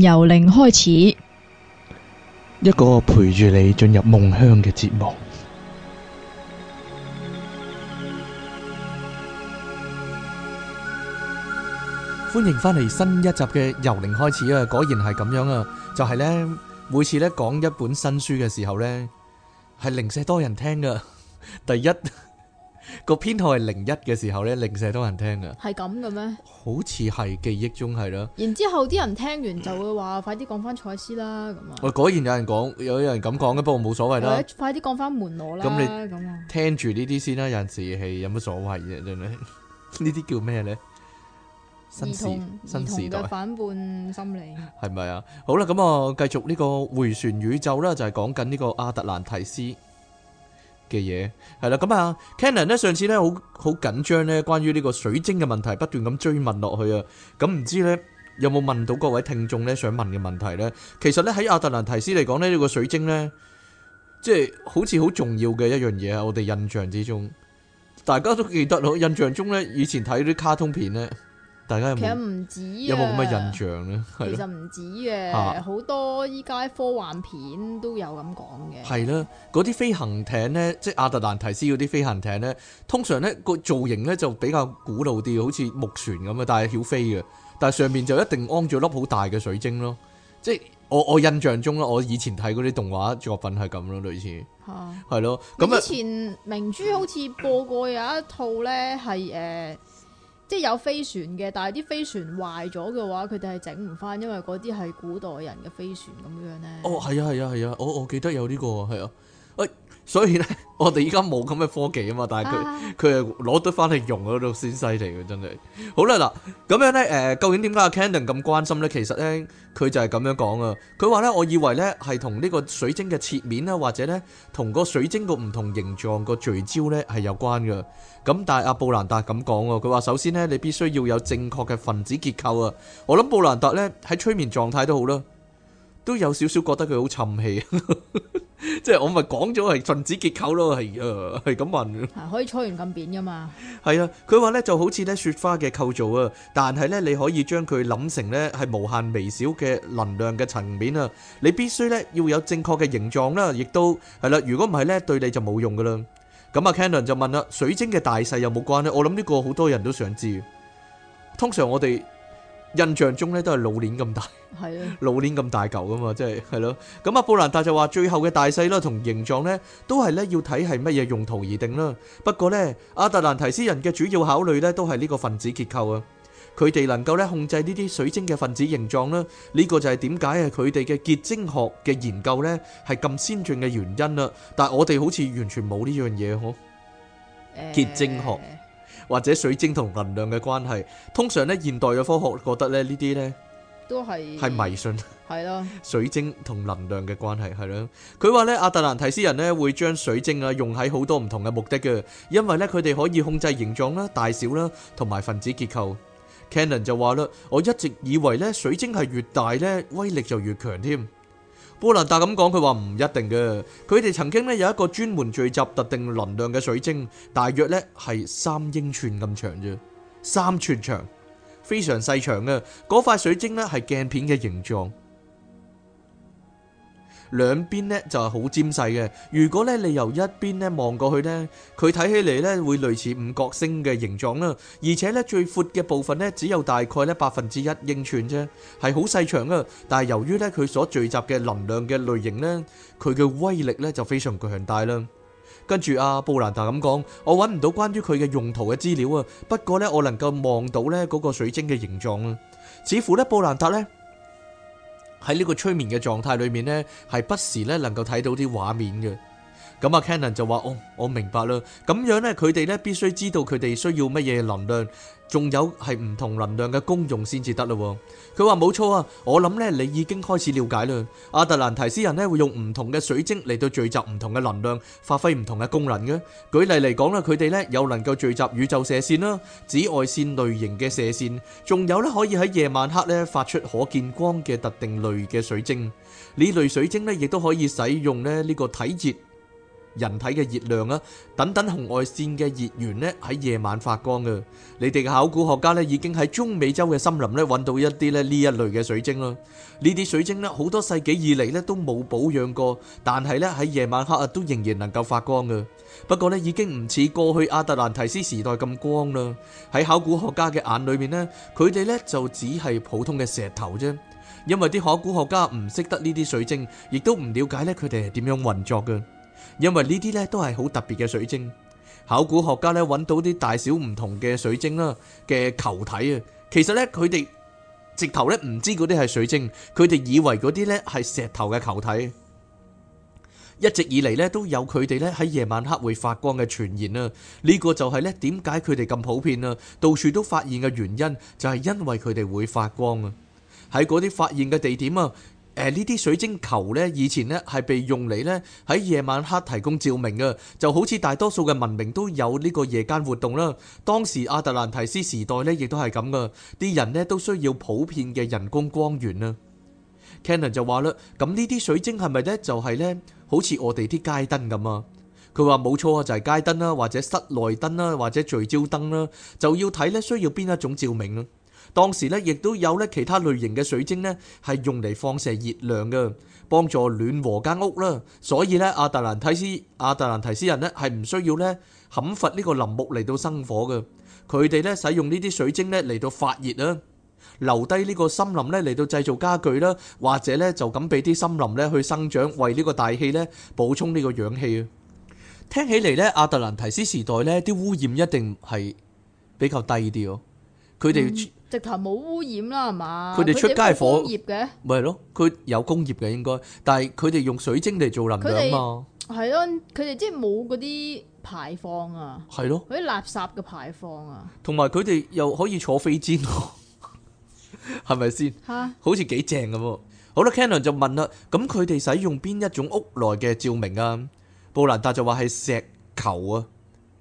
由零開始，一個陪住你進入夢鄉嘅節目。歡迎翻嚟新一集嘅由零開始啊！果然係咁樣啊，就係呢每次咧講一本新書嘅時候呢，係零舍多人聽噶。第一，個編號係零一嘅時候咧，零舍多人聽嘅，係咁嘅咩？好似係記憶中係咯。然之後啲人聽完就會話，快啲講翻賽斯啦咁啊！喂，果然有人講，有有人咁講嘅，不過冇所謂啦。快啲講翻門羅啦！咁你咁啊？聽住呢啲先啦，有陣時係有乜所謂啫？真係呢啲叫咩咧？新時新時代嘅反叛心理係咪啊？好啦，咁啊，繼續呢個回旋宇宙啦，就係講緊呢個阿特蘭堤斯。嘅嘢係啦，咁啊，Cannon 咧上次咧好好緊張咧，關於呢個水晶嘅問題不斷咁追問落去啊，咁唔知咧有冇問到各位聽眾咧想問嘅問題咧？其實咧喺阿特蘭堤斯嚟講咧，呢個水晶咧，即係好似好重要嘅一樣嘢啊！我哋印象之中，大家都記得咯，印象中咧以前睇啲卡通片咧。大家有有其實唔止有冇咁嘅印象咧？其實唔止嘅，好、啊、多依家科幻片都有咁講嘅。係啦，嗰啲飛行艇咧，即係亞特蘭提斯嗰啲飛行艇咧，通常咧個造型咧就比較古老啲，好似木船咁啊，但係曉飛嘅，但係上面就一定安咗粒好大嘅水晶咯。即係我我印象中啦，我以前睇嗰啲動畫作品係咁咯，類似係咯。咁以前明珠好似播過有一套咧，係、呃、誒。即係有飛船嘅，但係啲飛船壞咗嘅話，佢哋係整唔返，因為嗰啲係古代人嘅飛船咁樣咧。哦，係啊，係啊，係啊，我我記得有呢個係啊。所以咧，我哋依家冇咁嘅科技啊嘛，但係佢佢係攞得翻嚟用嗰度先犀利嘅，真係。好啦嗱，咁樣咧，誒、呃，究竟點解阿 Candon 咁關心咧？其實咧，佢就係咁樣講啊。佢話咧，我以為咧係同呢個水晶嘅切面啊，或者咧同個水晶個唔同形狀個聚焦咧係有關嘅。咁但係阿、啊、布蘭達咁講喎，佢話首先咧，你必須要有正確嘅分子結構啊。我諗布蘭達咧喺催眠狀態都好啦。都有少少覺得佢好沉氣，即係我咪講咗係分子結構咯，係啊，係咁問。係可以搓完咁扁噶嘛？係啊，佢話咧就好似咧雪花嘅構造啊，但係咧你可以將佢諗成咧係無限微小嘅能量嘅層面啊，你必須咧要有正確嘅形狀啦，亦都係啦。如果唔係咧，對你就冇用噶啦。咁啊，Cannon 就問啦，水晶嘅大細有冇關咧？我諗呢個好多人都想知。通常我哋。印象中咧都係老鍊咁大，係咯，老鍊咁大嚿㗎嘛，即係係咯。咁啊，布蘭達就話最後嘅大細啦同形狀咧，都係咧要睇係乜嘢用途而定啦。不過咧，阿特蘭提斯人嘅主要考慮咧都係呢個分子結構啊。佢哋能夠咧控制呢啲水晶嘅分子形狀啦，呢個就係點解啊佢哋嘅結晶學嘅研究咧係咁先進嘅原因啦。但係我哋好似完全冇呢樣嘢呵，結晶學。或者水晶同能量嘅關係，通常咧現代嘅科學覺得咧呢啲咧都係係迷信，係咯。水晶同能量嘅關係係咯。佢話咧阿特蘭提斯人咧會將水晶啊用喺好多唔同嘅目的嘅，因為咧佢哋可以控制形狀啦、大小啦同埋分子結構。Cannon 就話啦，我一直以為咧水晶係越大咧威力就越強添。布蘭達咁講，佢話唔一定嘅。佢哋曾經咧有一個專門聚集特定能量嘅水晶，大約咧係三英寸咁長啫，三寸長，非常細長嘅。嗰塊水晶咧係鏡片嘅形狀。兩邊咧就係好尖細嘅，如果咧你由一邊咧望過去咧，佢睇起嚟咧會類似五角星嘅形狀啦，而且咧最闊嘅部分咧只有大概咧百分之一英寸啫，係好細長啊！但係由於咧佢所聚集嘅能量嘅類型咧，佢嘅威力咧就非常嘅強大啦。跟住阿布蘭達咁講，我揾唔到關於佢嘅用途嘅資料啊，不過咧我能夠望到咧嗰個水晶嘅形狀啊，似乎咧布蘭達咧。喺呢個催眠嘅狀態裏面呢，係不時咧能夠睇到啲畫面嘅。咁啊，Cannon 就話：哦，我明白啦。咁樣咧，佢哋咧必須知道佢哋需要乜嘢能量，仲有係唔同能量嘅功用先至得咯。佢話冇錯啊，我諗咧你已經開始了解啦。阿特蘭提斯人咧會用唔同嘅水晶嚟到聚集唔同嘅能量，發揮唔同嘅功能嘅。舉例嚟講啦，佢哋咧有能夠聚集宇宙射線啦、紫外線類型嘅射線，仲有咧可以喺夜晚黑咧發出可見光嘅特定類嘅水晶。呢類水晶咧亦都可以使用咧呢個體熱。人體嘅熱量啊，等等紅外線嘅熱源咧，喺夜晚發光嘅。你哋嘅考古學家咧，已經喺中美洲嘅森林咧，揾到一啲咧呢一類嘅水晶啦。呢啲水晶咧，好多世紀以嚟，咧都冇保養過，但係咧喺夜晚黑都仍然能夠發光嘅。不過咧，已經唔似過去阿特蘭提斯時代咁光啦。喺考古學家嘅眼裏面咧，佢哋咧就只係普通嘅石頭啫，因為啲考古學家唔識得呢啲水晶，亦都唔了解咧佢哋係點樣運作嘅。因為呢啲咧都係好特別嘅水晶，考古學家咧揾到啲大小唔同嘅水晶啦嘅球體啊。其實呢，佢哋直頭呢唔知嗰啲係水晶，佢哋以為嗰啲呢係石頭嘅球體。一直以嚟呢，都有佢哋咧喺夜晚黑會發光嘅傳言啦。呢個就係呢點解佢哋咁普遍啊，到處都發現嘅原因就係因為佢哋會發光啊。喺嗰啲發現嘅地點啊。誒呢啲水晶球咧，以前咧係被用嚟咧喺夜晚黑提供照明嘅，就好似大多數嘅文明都有呢個夜間活動啦。當時阿特蘭堤斯時代呢，亦都係咁噶，啲人咧都需要普遍嘅人工光源啦。Cannon 就話啦，咁呢啲水晶係咪呢？就係呢，好似我哋啲街燈咁啊？佢話冇錯啊，就係街燈啦，或者室內燈啦，或者聚焦燈啦，就要睇呢需要邊一種照明啦。當時咧，亦都有咧其他類型嘅水晶咧，係用嚟放射熱量嘅，幫助暖和間屋啦。所以咧，阿特蘭堤斯阿特蘭堤斯人咧係唔需要咧砍伐呢個林木嚟到生火嘅。佢哋咧使用呢啲水晶咧嚟到發熱啦，留低呢個森林咧嚟到製造傢俱啦，或者咧就咁俾啲森林咧去生長，為呢個大氣咧補充呢個氧氣啊。聽起嚟咧，阿特蘭堤斯時代咧啲污染一定係比較低啲哦。佢哋。直頭冇污染啦，係嘛？佢哋出街火？工業嘅，咪係咯？佢有工業嘅應該，但係佢哋用水晶嚟做能量啊嘛。係咯，佢哋即係冇嗰啲排放啊。係咯的，嗰啲垃圾嘅排放啊。同埋佢哋又可以坐飛氈，係咪先？嚇！ 好似幾正咁。好啦 Cannon 就問啦，咁佢哋使用邊一種屋內嘅照明啊？布蘭達就話係石球啊。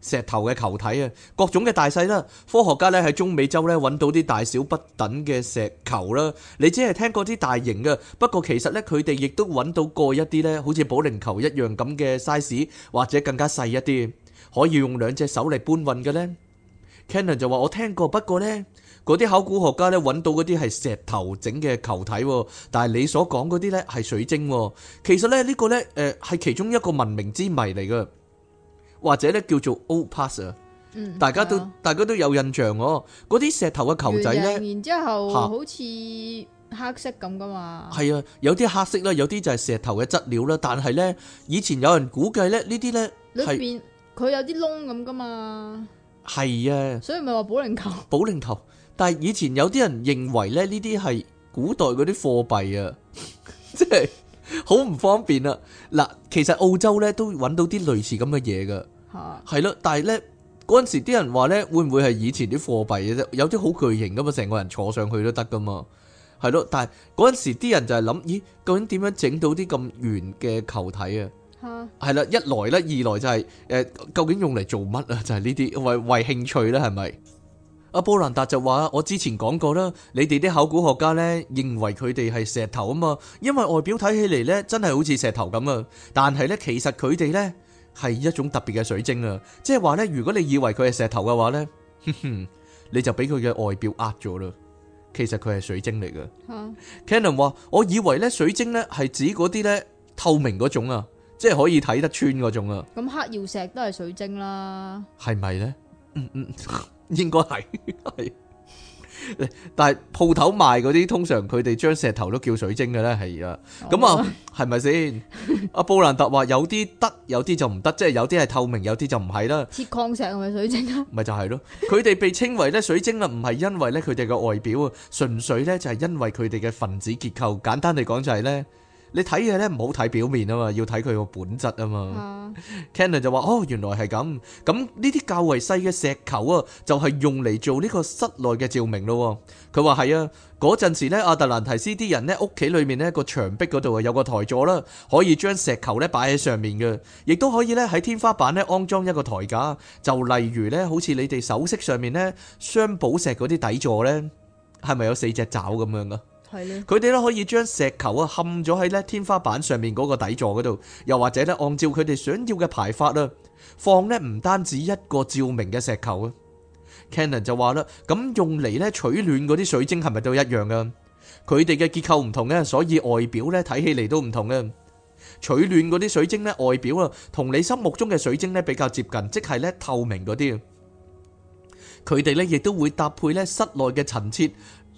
石頭嘅球體啊，各種嘅大細啦，科學家咧喺中美洲咧揾到啲大小不等嘅石球啦。你只係聽過嗰啲大型嘅，不過其實咧佢哋亦都揾到過一啲咧，好似保齡球一樣咁嘅 size，或者更加細一啲，可以用兩隻手嚟搬運嘅咧。Cannon 就話：我聽過，不過咧嗰啲考古學家咧揾到嗰啲係石頭整嘅球體，但係你所講嗰啲咧係水晶。其實咧呢個咧誒係其中一個文明之謎嚟嘅。或者咧叫做 Opass 啊、嗯，大家都的大家都有印象喎、哦。嗰啲石頭嘅球仔咧，然之後好似黑色咁噶嘛。係啊，有啲黑色啦，有啲就係石頭嘅質料啦。但係咧，以前有人估計咧，呢啲咧裏邊佢有啲窿咁噶嘛。係啊的，所以咪話保齡球。保齡球，但係以前有啲人認為咧，呢啲係古代嗰啲貨幣啊。即係。好唔方便啊！嗱，其實澳洲咧都揾到啲類似咁嘅嘢噶，係咯。但係咧嗰陣時啲人話咧，會唔會係以前啲貨幣嘅啫？有啲好巨型噶嘛，成個人坐上去都得噶嘛，係咯。但係嗰陣時啲人就係諗，咦，究竟點樣整到啲咁圓嘅球體啊？係啦，一來咧，二來就係誒，究竟用嚟做乜啊？就係呢啲為為興趣咧，係咪？阿波蘭達就話：我之前講過啦，你哋啲考古學家呢，認為佢哋係石頭啊嘛，因為外表睇起嚟呢，真係好似石頭咁啊。但係呢，其實佢哋呢，係一種特別嘅水晶啊。即係話呢，如果你以為佢係石頭嘅話呢，哼哼，你就俾佢嘅外表呃咗啦。其實佢係水晶嚟嘅。啊、Canon 話：我以為呢水晶呢，係指嗰啲呢透明嗰種啊，即係可以睇得穿嗰種啊。咁黑曜石都係水晶啦，係咪呢？嗯嗯。 應該係係，但係鋪頭賣嗰啲通常佢哋將石頭都叫水晶嘅咧，係啊，咁啊係咪先？阿布蘭特話有啲得，有啲就唔得，即係有啲係透明，有啲就唔係啦。鐵礦石係咪水晶？啊咪就係咯，佢哋被稱為咧水晶啊，唔係因為咧佢哋嘅外表啊，純粹咧就係因為佢哋嘅分子結構，簡單嚟講就係咧。你睇嘢咧，唔好睇表面啊嘛，要睇佢個本質啊嘛。Cannon 就話：哦，原來係咁。咁呢啲較為細嘅石球啊，就係用嚟做呢個室內嘅照明咯。佢話係啊，嗰陣時咧，阿特蘭提斯啲人咧屋企裏面咧個牆壁嗰度啊有個台座啦，可以將石球咧擺喺上面嘅，亦都可以咧喺天花板咧安裝一個台架。就例如咧，好似你哋首飾上面咧鑲寶石嗰啲底座咧，係咪有四隻爪咁樣噶？佢哋咧可以將石球啊嵌咗喺咧天花板上面嗰個底座嗰度，又或者咧按照佢哋想要嘅排法啦，放咧唔單止一個照明嘅石球啊。Cannon 就話啦，咁用嚟咧取暖嗰啲水晶係咪都一樣啊？佢哋嘅結構唔同嘅，所以外表咧睇起嚟都唔同啊。取暖嗰啲水晶咧外表啊，同你心目中嘅水晶咧比較接近，即係咧透明嗰啲啊。佢哋咧亦都會搭配咧室內嘅陳設。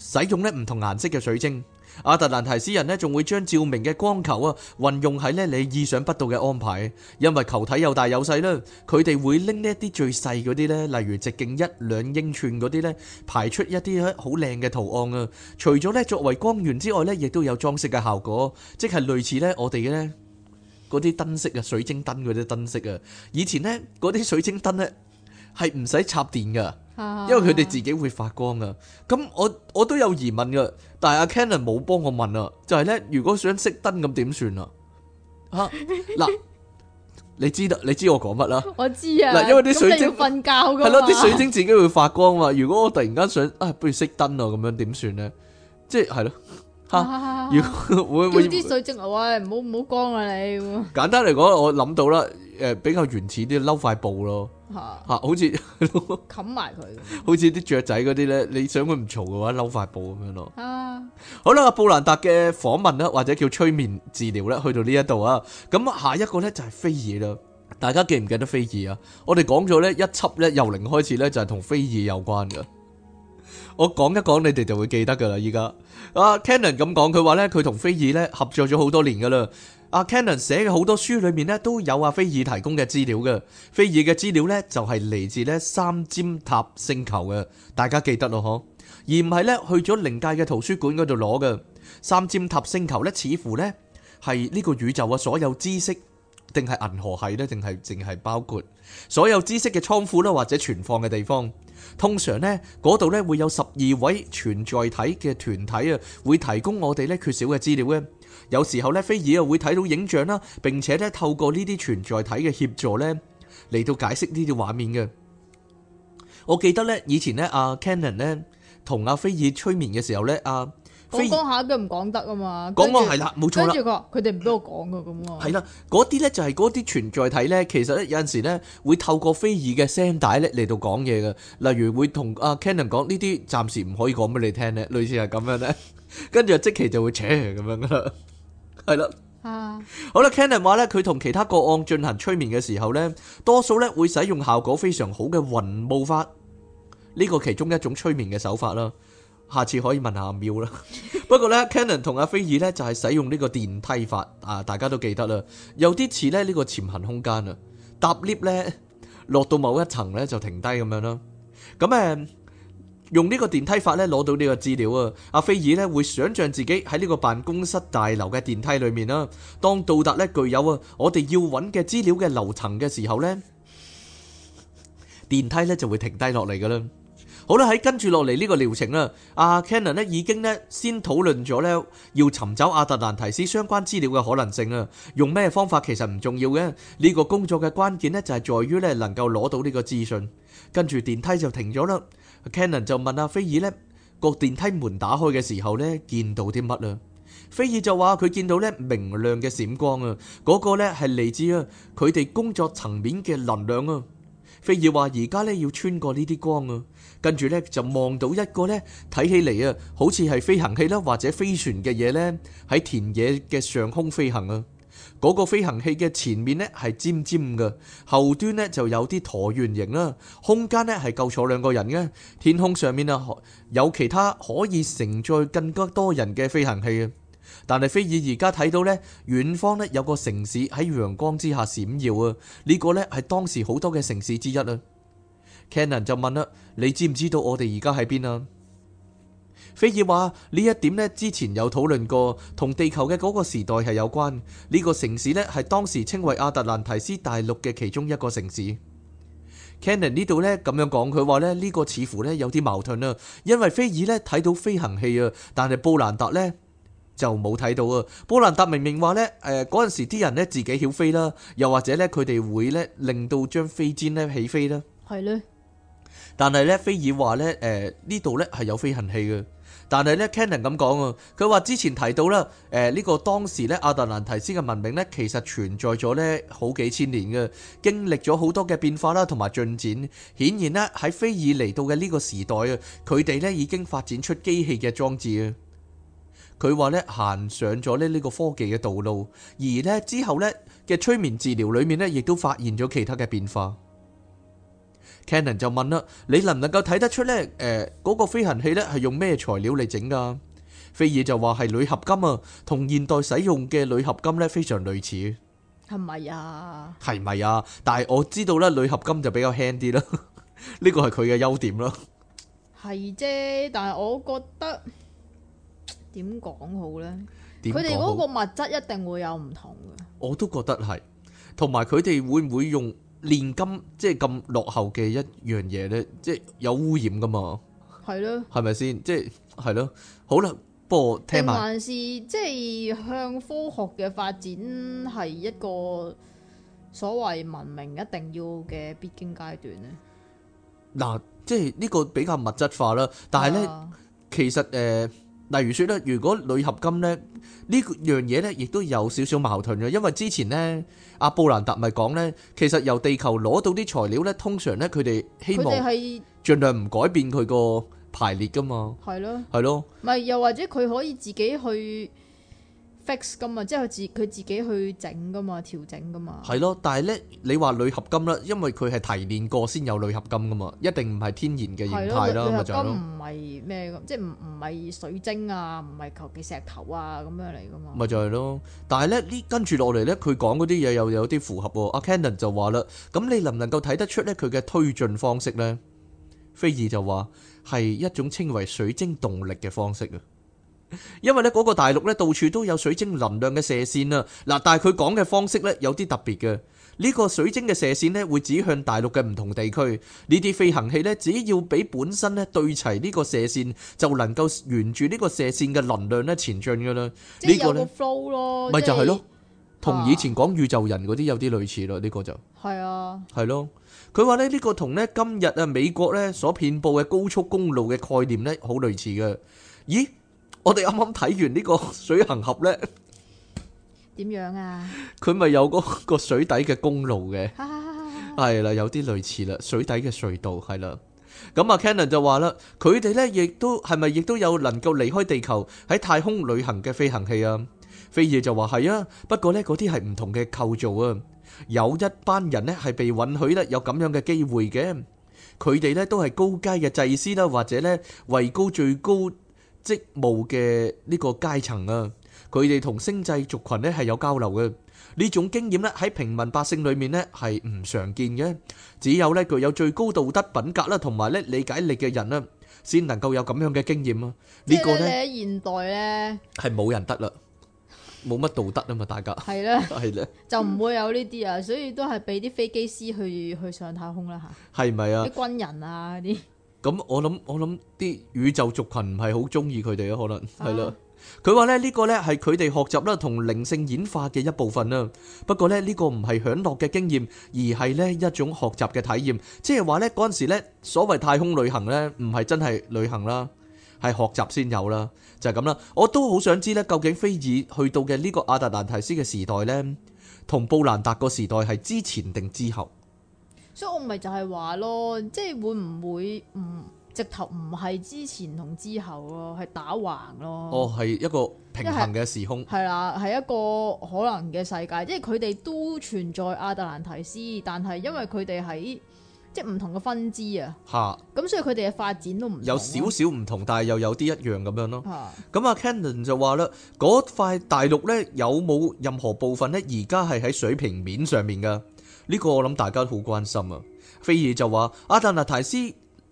使用咧唔同顏色嘅水晶，阿特蘭堤斯人咧仲會將照明嘅光球啊運用喺咧你意想不到嘅安排，因為球體有大有細啦，佢哋會拎呢一啲最細嗰啲咧，例如直徑一兩英寸嗰啲咧，排出一啲好靚嘅圖案啊！除咗咧作為光源之外咧，亦都有裝飾嘅效果，即係類似咧我哋咧嗰啲燈飾啊，水晶燈啲燈飾啊。以前咧嗰啲水晶燈咧係唔使插電噶。因為佢哋自己會發光噶咁我我都有疑問噶，但係阿 Cannon 冇幫我問啊，就係咧，如果想熄燈咁點算啊？吓嗱，你知道你知我講乜啦？我知啊，嗱，因為啲水晶瞓覺噶嘛，係咯，啲水晶自己會發光啊嘛，如果我突然間想啊，不如熄燈啊，咁樣點算咧？即係咯，吓，要我我啲水晶啊喂，唔好唔好光啊你，簡單嚟講，我諗到啦，誒，比較原始啲，撈塊布咯。吓， 好似冚埋佢，好似啲雀仔嗰啲咧，你想佢唔嘈嘅話，嬲塊布咁樣咯。啊，好啦，布蘭達嘅訪問咧，或者叫催眠治療咧，去到呢一度啊，咁下一個咧就係菲爾啦。大家記唔記得菲爾啊？我哋講咗咧一輯咧由零開始咧就係同菲爾有關噶。我講一講，你哋就會記得噶啦。依家啊，Cannon 咁講，佢話咧佢同菲爾咧合作咗好多年噶啦。阿 Canon 寫嘅好多書裏面咧，都有阿菲爾提供嘅資料嘅。菲爾嘅資料咧，就係嚟自咧三尖塔星球嘅，大家記得咯嗬，而唔係咧去咗靈界嘅圖書館嗰度攞嘅。三尖塔星球咧，似乎咧係呢個宇宙嘅所有知識，定係銀河系咧，定係淨係包括所有知識嘅倉庫啦，或者存放嘅地方。通常咧，嗰度咧會有十二位存在體嘅團體啊，會提供我哋咧缺少嘅資料嘅。有時候咧，菲爾啊會睇到影像啦，並且咧透過呢啲存在體嘅協助咧嚟到解釋呢啲畫面嘅。我記得咧以前咧阿 Canon 咧同阿菲爾催眠嘅時候咧阿。講講下都唔講得啊嘛，講講係啦，冇錯啦。跟住佢話：佢哋唔俾我講噶咁喎。係啦，嗰啲咧就係嗰啲存在體咧，其實咧有陣時咧會透過飛耳嘅聲帶咧嚟到講嘢嘅。例如會同阿 Cannon 講呢啲，暫時唔可以講俾你聽咧。類似係咁樣咧，跟住即期就會扯咁樣噶啦。係啦，啊，好啦，Cannon 話咧，佢同其他個案進行催眠嘅時候咧，多數咧會使用效果非常好嘅雲霧法，呢個其中一種催眠嘅手法啦。下次可以問下阿妙啦。 不過咧，Cannon 同阿菲爾咧就係、是、使用呢個電梯法啊，大家都記得啦。有啲似咧呢個潛行空間啊，搭 lift 咧落到某一層咧就停低咁樣咯。咁、嗯、誒用呢個電梯法咧攞到呢個資料啊，阿菲爾咧會想像自己喺呢個辦公室大樓嘅電梯裡面啦。當到達咧具有啊我哋要揾嘅資料嘅樓層嘅時候咧，電梯咧就會停低落嚟噶啦。好啦，喺跟住落嚟呢個療程啊，阿 Cannon 咧已經咧先討論咗咧要尋找阿特蘭堤斯相關資料嘅可能性啊，用咩方法其實唔重要嘅，呢個工作嘅關鍵咧就係在於咧能夠攞到呢個資訊。跟住電梯就停咗啦，Cannon 就問阿菲爾咧，個電梯門打開嘅時候咧見到啲乜啊？菲爾就話佢見到咧明亮嘅閃光啊，嗰個咧係嚟自啊佢哋工作層面嘅能量啊。菲爾話而家咧要穿過呢啲光啊。跟住呢，就望到一個呢，睇起嚟啊，好似係飛行器啦或者飛船嘅嘢呢，喺田野嘅上空飛行啊。嗰個飛行器嘅前面呢，係尖尖嘅，後端呢，就有啲橢圓形啦。空間呢，係夠坐兩個人嘅。天空上面啊有其他可以承載更加多人嘅飛行器啊。但係菲爾而家睇到呢，遠方呢，有個城市喺陽光之下閃耀啊。呢個呢，係當時好多嘅城市之一啊。Cannon 就問啦：你知唔知道我哋而家喺邊啊？菲爾話呢一點咧，之前有討論過，同地球嘅嗰個時代係有關。呢、這個城市咧，係當時稱為阿特蘭堤斯大陸嘅其中一個城市。Cannon 呢度呢，咁樣講，佢話咧，呢個似乎呢有啲矛盾啦，因為菲爾呢睇到飛行器啊，但係布蘭達呢就冇睇到啊。布蘭達明明話呢誒嗰陣時啲人呢自己曉飛啦，又或者呢佢哋會呢令到張飛氈呢起飛啦，係咧。但係咧，菲爾話咧，誒呢度咧係有飛行器嘅。但係咧，Cannon 咁講啊，佢話之前提到啦，誒、呃、呢、呢個，當時咧阿特蘭提斯嘅文明呢，其實存在咗呢好幾千年嘅，經歷咗好多嘅變化啦，同埋進展。顯然呢，喺菲爾嚟到嘅呢個時代啊，佢哋呢已經發展出機器嘅裝置啊。佢話呢，行上咗咧呢個科技嘅道路，而呢之後呢，嘅催眠治療裏面呢，亦都發現咗其他嘅變化。Canon 就問啦：你能唔能夠睇得出咧？誒，嗰個飛行器咧係用咩材料嚟整㗎？飛爾就話係鋁合金啊，同現代使用嘅鋁合金咧非常類似，係咪啊？係咪啊？但係我知道咧，鋁合金就比較輕啲啦，呢個係佢嘅優點咯。係啫，但係我覺得點講好咧？佢哋嗰個物質一定會有唔同嘅。我都覺得係，同埋佢哋會唔會用？煉金即係咁落後嘅一樣嘢咧，即係有污染噶嘛？係咯的，係咪先？即係係咯，好啦，不過聽埋。定還是即係向科學嘅發展係一個所謂文明一定要嘅必經階段咧？嗱、啊，即係呢個比較物質化啦，但係咧，啊、其實誒。呃例如說咧，如果鋁合金咧呢樣嘢咧，亦都有少少矛盾嘅，因為之前咧阿布蘭達咪講咧，其實由地球攞到啲材料咧，通常咧佢哋希望佢哋係盡量唔改變佢個排列噶嘛，係咯，係咯的，唔係的又或者佢可以自己去。fix 咁啊，即係自佢自己去整噶嘛，調整噶嘛。係咯，但係咧，你話鋁合金啦，因為佢係提煉過先有鋁合金噶嘛，一定唔係天然嘅形態啦。咁唔係咩，即係唔唔係水晶啊，唔係求其石頭啊咁樣嚟噶嘛。咪就係咯，但係咧呢跟住落嚟咧，佢講嗰啲嘢又有啲符合喎。阿 Candon 就話啦，咁你能唔能夠睇得出咧佢嘅推進方式咧？菲爾就話係一種稱為水晶動力嘅方式啊。因為咧，嗰個大陸咧，到處都有水晶能量嘅射線啦，嗱，但係佢講嘅方式咧有啲特別嘅。呢個水晶嘅射線咧會指向大陸嘅唔同地區，呢啲飛行器咧只要俾本身咧對齊呢個射線，就能夠沿住呢個射線嘅能量咧前進噶啦。呢個咧 flow 咯，咪就係咯，同以前講宇宙人嗰啲有啲類似啦，呢個就係啊，係咯，佢話咧呢個同咧今日啊美國咧所遍布嘅高速公路嘅概念咧好類似嘅，咦？我哋啱啱睇完呢個水行俠咧，點樣啊？佢咪有嗰個水底嘅公路嘅？係啦，有啲類似啦，水底嘅隧道係啦。咁啊，Cannon 就話啦，佢哋咧亦都係咪亦都有能夠離開地球喺太空旅行嘅飛行器啊？飛爾就話係啊，不過咧嗰啲係唔同嘅構造啊。有一班人咧係被允許咧有咁樣嘅機會嘅，佢哋咧都係高階嘅祭司啦，或者咧位高最高。職務嘅呢個階層啊，佢哋同星際族群呢係有交流嘅。呢種經驗呢喺平民百姓裏面呢係唔常見嘅，只有呢具有最高道德品格啦，同埋呢理解力嘅人啦，先能夠有咁樣嘅經驗啊。呢個呢你喺現代呢係冇人得啦，冇乜道德啊嘛，大家係啦，係啦，就唔會有呢啲啊。所以都係俾啲飛機師去去上太空啦吓，係咪啊？啲軍人啊，嗰啲。咁我諗我諗啲宇宙族群唔係好中意佢哋啊，可能係啦。佢話咧呢個呢係佢哋學習啦同靈性演化嘅一部分啦。不過呢，呢個唔係享樂嘅經驗，而係呢一種學習嘅體驗。即係話呢，嗰陣時咧所謂太空旅行呢，唔係真係旅行啦，係學習先有啦。就係咁啦。我都好想知呢，究竟菲爾去到嘅呢個阿特蘭堤斯嘅時代呢，同布蘭達個時代係之前定之後？所以我咪就係話咯，即係會唔會唔直頭唔係之前同之後咯，係打橫咯。哦，係一個平行嘅時空。係啦、就是，係一個可能嘅世界，即係佢哋都存在亞特蘭提斯，但係因為佢哋喺即係唔同嘅分支啊。嚇哈！咁所以佢哋嘅發展都唔同，有少少唔同，但係又有啲一,一樣咁樣咯。咁阿哈 Cannon 就話咧，嗰塊大陸咧有冇任何部分咧而家係喺水平面上面嘅？呢個我諗大家都好關心啊，菲爾就話阿特蘭堤斯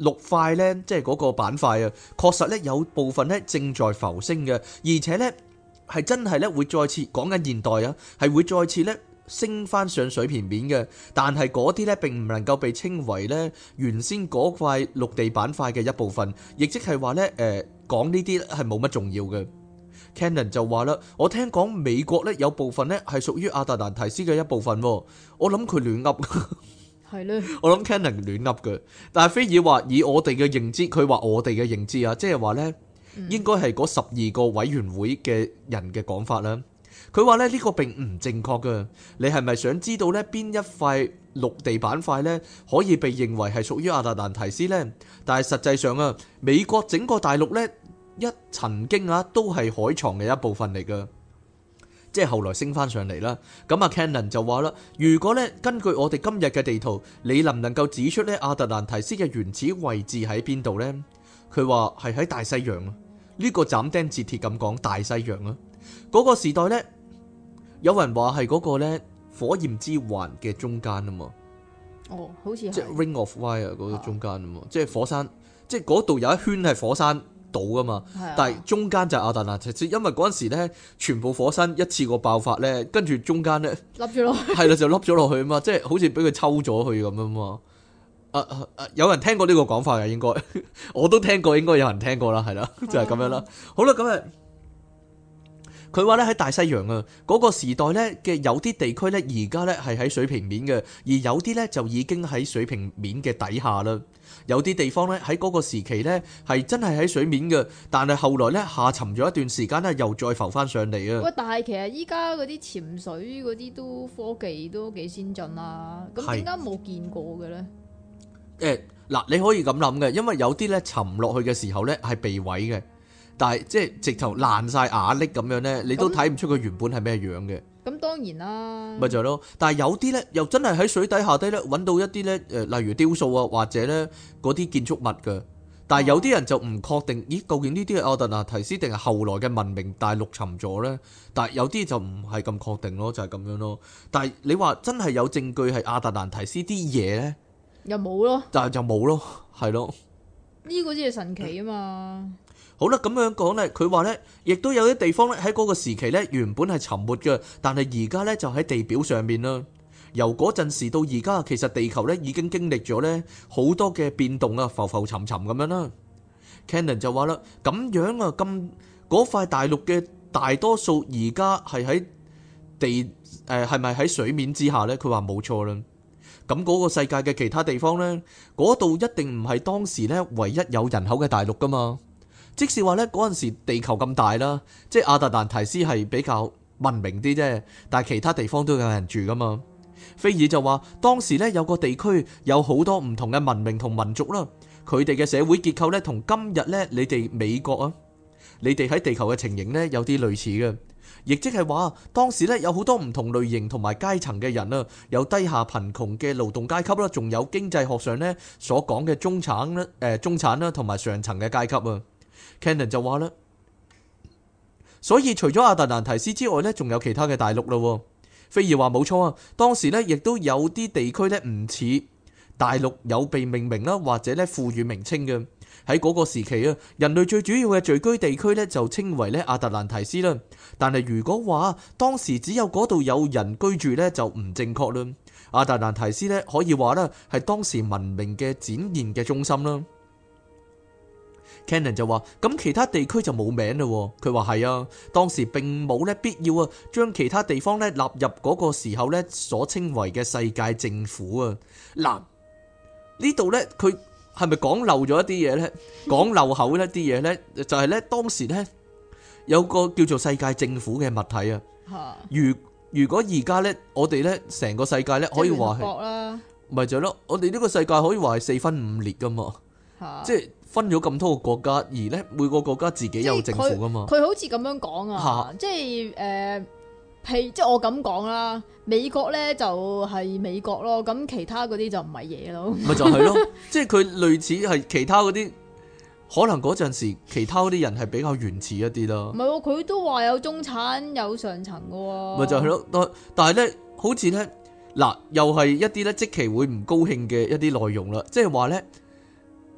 陸塊呢，即係嗰個板塊啊，確實呢，有部分呢正在浮升嘅，而且呢，係真係呢會再次講緊現代啊，係會再次呢升翻上水平面嘅。但係嗰啲呢，並唔能夠被稱為呢原先嗰塊陸地板塊嘅一部分，亦即係話呢，誒講呢啲係冇乜重要嘅。Cannon 就話啦，我聽講美國咧有部分咧係屬於亞特蘭提斯嘅一部分，我諗佢亂噏。係咧，我諗 Cannon 亂噏嘅。但係菲爾話以我哋嘅認知，佢話我哋嘅認知啊，即係話咧應該係嗰十二個委員會嘅人嘅講法啦。佢話咧呢個並唔正確㗎。你係咪想知道咧邊一塊陸地板塊咧可以被認為係屬於亞特蘭提斯咧？但係實際上啊，美國整個大陸咧。一曾經啊，都係海藏嘅一部分嚟㗎，即係後來升返上嚟啦。咁阿 Cannon 就話啦，如果咧根據我哋今日嘅地圖，你能唔能夠指出呢阿特蘭提斯嘅原始位置喺邊度呢？佢話係喺大西洋啊。呢個斬釘截鐵咁講大西洋啊。嗰個時代呢，有人話係嗰個呢火焰之環嘅中間啊嘛。哦，好似係。即係 Ring of Fire 嗰個中間啊嘛，哦，即係火山，即係嗰度有一圈係火山。到噶嘛？但係中間就阿特蘭，因為嗰陣時咧，全部火山一次過爆發呢，跟住中間呢，凹咗係啦就凹咗落去嘛，即係好似俾佢抽咗去咁樣嘛、啊啊啊。有人聽過呢個講法嘅應該， 我都聽過，應該有人聽過啦，係啦，就係、是、咁樣啦。 好啦，咁啊，佢話呢，喺大西洋啊，嗰、那個時代呢，嘅有啲地區呢，而家呢，係喺水平面嘅，而有啲呢，就已經喺水平面嘅底下啦。有啲地方呢，喺嗰個時期呢，係真係喺水面嘅，但係後來呢，下沉咗一段時間呢，又再浮翻上嚟啊！哇！但係其實依家嗰啲潛水嗰啲都科技都幾先進啦、啊，咁點解冇見過嘅呢？誒，嗱、呃，你可以咁諗嘅，因為有啲呢沉落去嘅時候呢係被毀嘅，但係即係直頭爛晒瓦礫咁樣呢，你都睇唔出佢原本係咩樣嘅。嗯咁當然啦，咪就係咯。但係有啲呢，又真係喺水底下低揾到一啲呢，誒、呃，例如雕塑啊，或者呢嗰啲建築物嘅。但係有啲人就唔確定，咦？究竟呢啲係阿特蘭提斯定係後來嘅文明大陸沉咗呢？但係有啲就唔係咁確定咯，就係、是、咁樣咯。但係你話真係有證據係阿特蘭提斯啲嘢呢？又冇咯。但係就冇咯，係咯。呢個先係神奇啊嘛～ 好啦，咁樣講咧，佢話咧，亦都有啲地方咧喺嗰個時期咧，原本係沉沒嘅，但係而家咧就喺地表上面啦。由嗰陣時到而家，其實地球咧已經經歷咗咧好多嘅變動啊，浮浮沉沉咁樣啦。Cannon 就話啦，咁樣啊，咁嗰塊大陸嘅大多數而家係喺地誒，係咪喺水面之下咧？佢話冇錯啦。咁嗰個世界嘅其他地方咧，嗰度一定唔係當時咧唯一有人口嘅大陸噶嘛。即是話咧，嗰陣時地球咁大啦，即係亞特蘭提斯係比較文明啲啫，但係其他地方都有人住噶嘛。菲爾就話當時咧有個地區有好多唔同嘅文明同民族啦，佢哋嘅社會結構咧同今日咧你哋美國啊，你哋喺地球嘅情形咧有啲類似嘅，亦即係話當時咧有好多唔同類型同埋階層嘅人啊，有低下貧窮嘅勞動階級啦，仲有經濟學上咧所講嘅中產啦誒中產啦，同埋上層嘅階級啊。Cannon 就話啦，所以除咗阿特蘭堤斯之外呢，仲有其他嘅大陸啦。菲爾話冇錯啊，當時呢亦都有啲地區呢唔似大陸有被命名啦，或者呢賦予名稱嘅。喺嗰個時期啊，人類最主要嘅聚居地區呢就稱為呢阿特蘭堤斯啦。但係如果話當時只有嗰度有人居住呢，就唔正確啦。阿特蘭堤斯呢可以話呢係當時文明嘅展現嘅中心啦。Canon 就話咁其他地區就冇名嘞，佢話係啊，當時並冇咧必要啊，將其他地方咧納入嗰個時候咧所稱為嘅世界政府啊。嗱看，呢度咧佢係咪講漏咗一啲嘢咧？講 漏口一啲嘢咧，就係、是、咧當時咧有個叫做世界政府嘅物體啊。吓， 如如果而家咧我哋咧成個世界咧可以話係，咪就係咯？我哋呢個世界可以話係四分五裂噶嘛， 即係。分咗咁多個國家，而咧每個國家自己有政府噶嘛？佢好似咁樣講啊，啊即係誒、呃，譬即係我咁講啦，美國咧就係美國咯，咁其他嗰啲就唔係嘢咯。咪就係咯，即係佢類似係其他嗰啲， 可能嗰陣時其他嗰啲人係比較原始一啲咯。唔係喎，佢都話有中產有上層噶喎。咪就係咯，但但係咧，好似咧，嗱又係一啲咧即期會唔高興嘅一啲內容啦，即係話咧。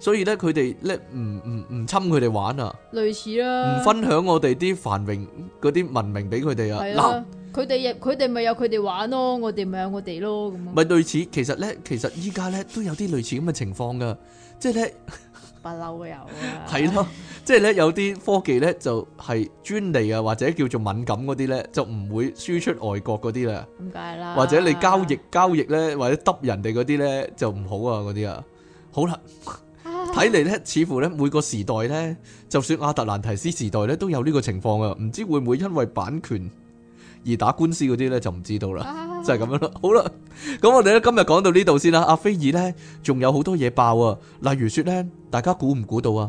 所以咧，佢哋咧唔唔唔侵佢哋玩啊，類似啦，唔分享我哋啲繁榮嗰啲文明俾佢哋啊。係啊嘍，佢哋亦佢哋咪有佢哋玩咯，我哋咪有我哋咯咁。咪類似，其實咧，其實依家咧都有啲類似咁嘅情況噶，即係咧，不嬲都有啊。係 咯， 即係咧有啲科技咧就係、是、專利啊，或者叫做敏感嗰啲咧就唔會輸出外國嗰啲啦。唔該啦。或者你交易交易咧，或者揼人哋嗰啲咧就唔好啊嗰啲啊。好啦。睇嚟咧，似乎咧每個時代咧，就算阿特蘭堤斯時代咧，都有呢個情況啊！唔知會唔會因為版權而打官司嗰啲咧，就唔知道啦， 就係咁樣啦。好啦，咁我哋咧今日講到呢度先啦。阿菲爾咧，仲有好多嘢爆啊，例如說咧，大家估唔估到啊？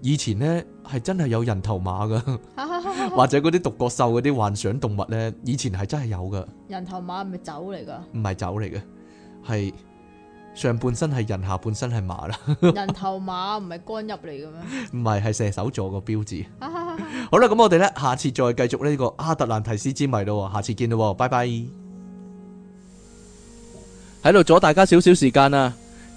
以前咧係真係有人頭馬噶， 或者嗰啲獨角獸嗰啲幻想動物咧，以前係真係有噶。 人頭馬係咪酒嚟噶？唔係酒嚟嘅，係。上半身係人，下半身係馬啦。 人頭馬唔係乾入嚟嘅咩？唔係， 係射手座個標誌。 好。好啦，咁我哋咧下次再繼續呢、呢個阿特蘭提斯之謎咯。下次見咯，拜拜。喺度 阻大家少少時間啊！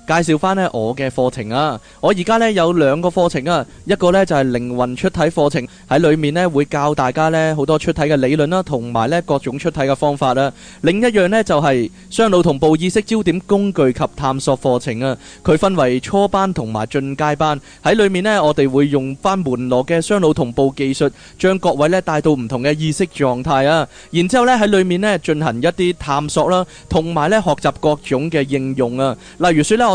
介紹翻咧我嘅課程啊！我而家咧有兩個課程啊，一個咧就係靈魂出體課程，喺裡面咧會教大家咧好多出體嘅理論啦，同埋咧各種出體嘅方法啦。另一樣咧就係雙腦同步意識焦點工具及探索課程啊。佢分為初班同埋進階班，喺裡面咧我哋會用返門羅嘅雙腦同步技術，將各位咧帶到唔同嘅意識狀態啊。然之後咧喺裡面咧進行一啲探索啦，同埋咧學習各種嘅應用啊。例如説咧我。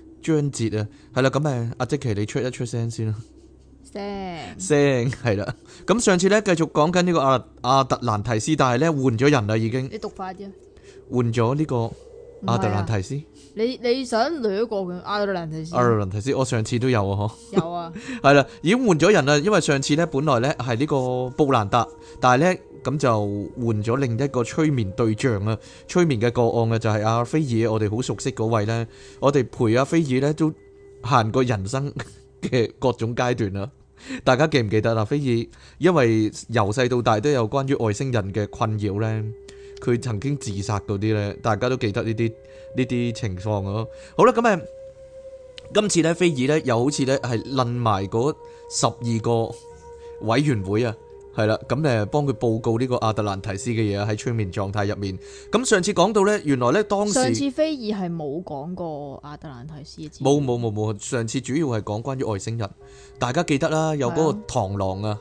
張哲啊，係啦，咁、啊、誒，阿杰奇，你出一出聲先啦，聲聲係啦，咁上次咧繼續講緊呢個阿阿特蘭提斯，但係咧換咗人啦，已經了了，你讀快啲，啊，換咗呢個阿特蘭提斯，啊、你你想掠過佢阿特蘭提斯，阿特蘭提斯我上次都有啊，嗬，有啊，係啦， 已經換咗人啦，因為上次咧本來咧係呢個布蘭達，但係咧。咁就換咗另一個催眠對象啊，催眠嘅個案嘅就係阿菲爾，我哋好熟悉嗰位呢，我哋陪阿菲爾呢，都行過人生嘅各種階段啊，大家記唔記得啊？菲爾因為由細到大都有關於外星人嘅困擾呢，佢曾經自殺嗰啲呢，大家都記得呢啲呢啲情況咯。好啦，咁啊，今次呢，菲爾呢，又好似呢，係連埋嗰十二個委員會啊。係啦，咁咧幫佢報告呢個阿特蘭堤斯嘅嘢喺催眠狀態入面。咁上次講到呢，原來呢，當時上次菲爾係冇講過阿特蘭堤斯嘅。冇冇冇冇，上次主要係講關於外星人，大家記得啦、啊，有嗰個螳螂啊，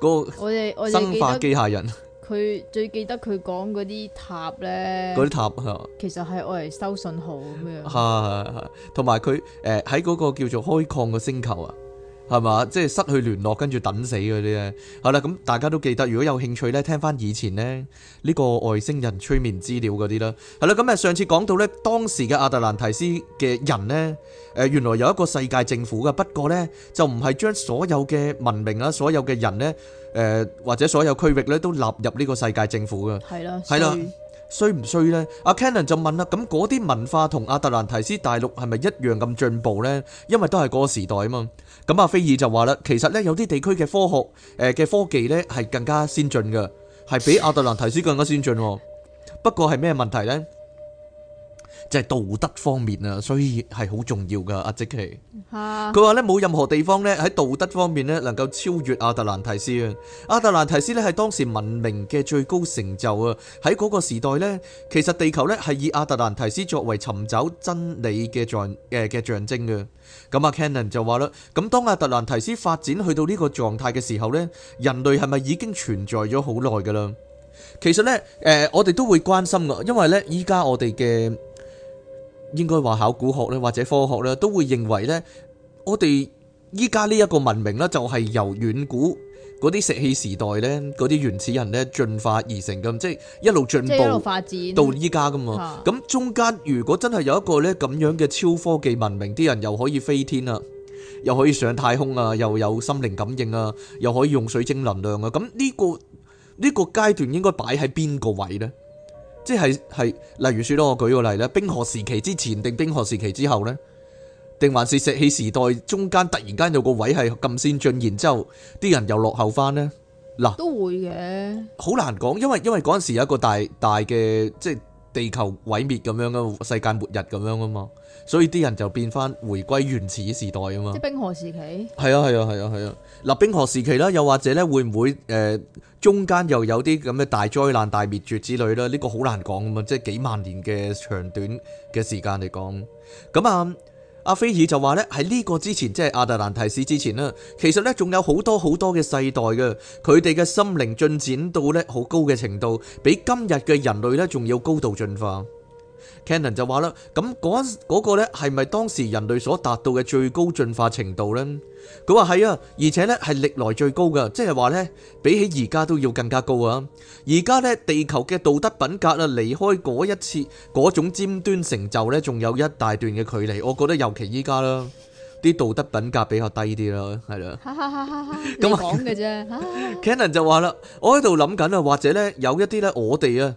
嗰、啊、個生化機械人。佢最記得佢講嗰啲塔呢，嗰啲塔、啊、其實係我係收信號咁樣。同埋佢誒喺嗰個叫做開礦嘅星球啊。係嘛，即係失去聯絡，跟住等死嗰啲咧。係啦，咁大家都記得，如果有興趣咧，聽翻以前呢，呢個外星人催眠資料嗰啲啦。係啦，咁啊上次講到咧，當時嘅阿特蘭堤斯嘅人呢，誒原來有一個世界政府嘅，不過呢，就唔係將所有嘅文明啦，所有嘅人呢，誒、呃、或者所有區域呢，都納入呢個世界政府嘅。係啦，係啦。衰唔衰呢？阿 Kennan 就問啦，咁嗰啲文化同阿特蘭堤斯大陸係咪一樣咁進步呢？因為都係嗰個時代啊嘛。咁阿菲爾就話啦，其實呢，有啲地區嘅科學誒嘅、呃、科技呢係更加先進嘅，係比阿特蘭堤斯更加先進。不過係咩問題呢？」即係道德方面啊，所以係好重要㗎。阿積奇，佢話咧冇任何地方咧喺道德方面咧能夠超越阿特蘭提斯啊。阿特蘭提斯咧係當時文明嘅最高成就啊。喺嗰個時代咧，其實地球咧係以阿特蘭提斯作為尋找真理嘅象誒嘅象徵嘅。咁阿 Cannon 就話啦，咁當阿特蘭提斯發展去到呢個狀態嘅時候咧，人類係咪已經存在咗好耐㗎啦？其實咧，誒我哋都會關心㗎，因為咧依家我哋嘅應該話考古學咧，或者科學咧，都會認為咧，我哋依家呢一個文明咧，就係由遠古嗰啲石器時代咧，嗰啲原始人咧進化而成咁，即係一路進步，一路發展到依家噶嘛。咁中間如果真係有一個咧咁樣嘅超科技文明，啲人又可以飛天啊，又可以上太空啊，又有心靈感應啊，又可以用水晶能量啊，咁呢個呢個階段應該擺喺邊個位咧？即係係，例如說啦，我舉個例咧，冰河時期之前定冰河時期之後呢？定還是石器時代中間突然間有個位係咁先進，然之後啲人又落後翻呢？嗱都會嘅，好難講，因為因為嗰陣時有一個大大嘅即係地球毀滅咁樣嘅世界末日咁樣啊嘛。所以啲人就變翻回歸原始嘅時代啊嘛，即冰河時期，係啊係啊係啊係啊，嗱、啊啊啊、冰河時期啦，又或者咧會唔會誒、呃、中間又有啲咁嘅大災難、大滅絕之類啦？呢、這個好難講啊嘛，即幾萬年嘅長短嘅時間嚟講，咁啊阿菲爾就話咧喺呢個之前，即係亞特蘭提斯之前呢，其實咧仲有好多好多嘅世代嘅，佢哋嘅心靈進展到咧好高嘅程度，比今日嘅人類咧仲要高度進化。Cannon 就話啦，咁嗰嗰個咧係咪當時人類所達到嘅最高進化程度咧？佢話係啊，而且咧係歷來最高嘅，即係話咧比起而家都要更加高啊！而家咧地球嘅道德品格啊，離開嗰一次嗰種尖端成就咧，仲有一大段嘅距離。我覺得尤其依家啦，啲道德品格比較低啲啦，係啦。咁講嘅啫。Cannon 就話啦，我喺度諗緊啊，或者咧有一啲咧我哋啊。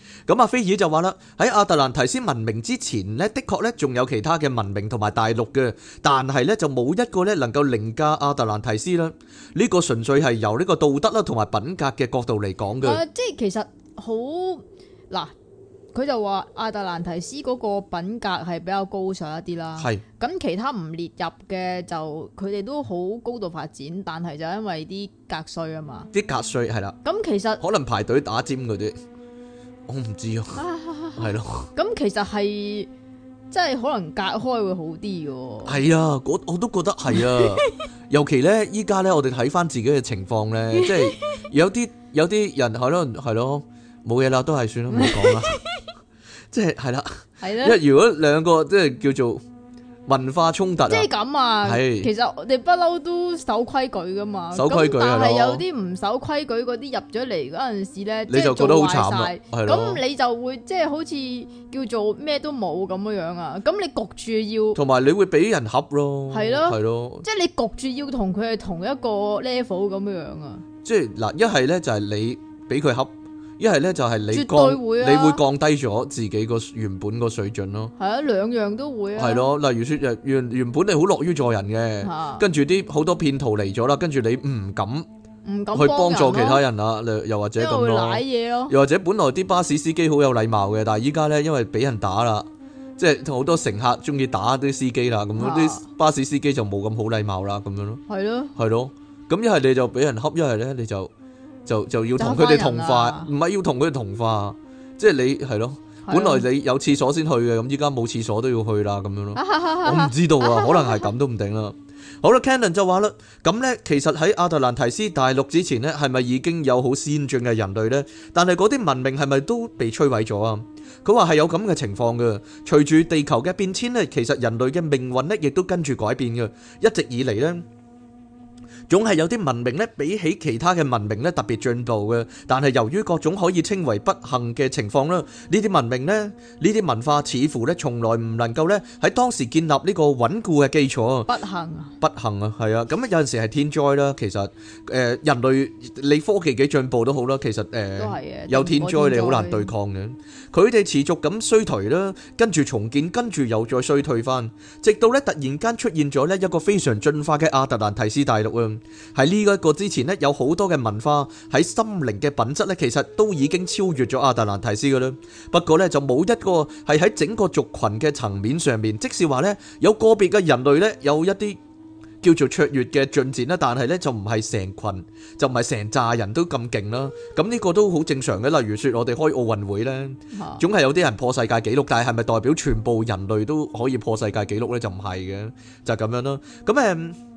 咁阿菲爾就話啦，喺阿特蘭堤斯文明之前咧，的確咧仲有其他嘅文明同埋大陸嘅，但係咧就冇一個咧能夠凌駕阿特蘭堤斯啦。呢個純粹係由呢個道德啦同埋品格嘅角度嚟講嘅。誒，即係其實好嗱，佢就話阿特蘭堤斯嗰個品格係比較高尚一啲啦。係咁其他唔列入嘅就佢哋都好高度發展，但係就因為啲格稅啊嘛。啲格稅係啦。咁其實可能排隊打尖嗰啲。我唔知啊，係咯 的。咁其實係，即係可能隔開會好啲嘅。係啊，我我都覺得係啊。 尤其咧，依家咧，我哋睇翻自己嘅情況咧，即係 有啲有啲人可能係咯，冇嘢啦，都係算啦，唔好講啦。即係係啦，係啦， 因為如果兩個即係、就是、叫做。文化衝突啊！即係咁啊，其實我哋不嬲都守規矩噶嘛，守規矩係咯。但係有啲唔守規矩嗰啲入咗嚟嗰陣時咧，你就覺得好慘啊！係咯，咁你就會即係好似叫做咩都冇咁樣樣啊！咁你焗住要同埋你會俾人恰咯，係咯，係咯，即係你焗住要同佢係同一個 level 咁樣樣啊！即係嗱，一係咧就係你俾佢恰。一係咧就係你降，會啊、你會降低咗自己個原本個水準咯。係啊，兩樣都會、啊。係咯，例如說，原原本你好樂於助人嘅、啊，跟住啲好多騙徒嚟咗啦，跟住你唔敢唔敢去幫助其他人啦，啊、又或者咁咯。會瀨嘢咯、啊。又或者本來啲巴士司機好有禮貌嘅，但係依家咧因為俾人打啦，即係好多乘客中意打啲司機啦，咁嗰啲巴士司機就冇咁好禮貌啦，咁樣咯。係咯、啊。係咯的。咁一係你就俾人恰，一係咧你就。就就要同佢哋同化，唔係要同佢哋同化，即係你係咯，本來你有廁所先去嘅，咁依家冇廁所都要去啦，咁樣咯。我唔知道啊，可能係咁都唔定啦。好啦，Cannon 就話啦，咁咧其實喺亞特蘭提斯大陸之前咧，係咪已經有好先進嘅人類咧？但係嗰啲文明係咪都被摧毀咗啊？佢話係有咁嘅情況嘅。隨住地球嘅變遷咧，其實人類嘅命運咧，亦都跟住改變嘅。一直以嚟咧。總係有啲文明咧，比起其他嘅文明咧特別進步嘅。但係由於各種可以稱為不幸嘅情況啦，呢啲文明咧，呢啲文化似乎咧從來唔能夠咧喺當時建立呢個穩固嘅基礎。不幸啊！不幸啊！係啊！咁啊有陣時係天災啦。其實誒，人類你科技幾進步都好啦。其實誒，有天災你好難對抗嘅。佢哋持續咁衰退啦，跟住重建，跟住又再衰退翻，直到咧突然間出現咗咧一個非常進化嘅亞特蘭提斯大陸啊！喺呢個之前呢，有好多嘅文化喺心靈嘅品質呢，其實都已經超越咗阿特蘭堤斯㗎啦。不過呢，就冇一個係喺整個族群嘅層面上面，即使話呢，有個別嘅人類呢，有一啲叫做卓越嘅進展啦。但係呢，就唔係成群，就唔係成扎人都咁勁啦。咁呢個都好正常嘅。例如說，我哋開奧運會呢，總係有啲人破世界紀錄，但係係咪代表全部人類都可以破世界紀錄呢？就唔係嘅，就係、是、咁樣啦。咁誒。嗯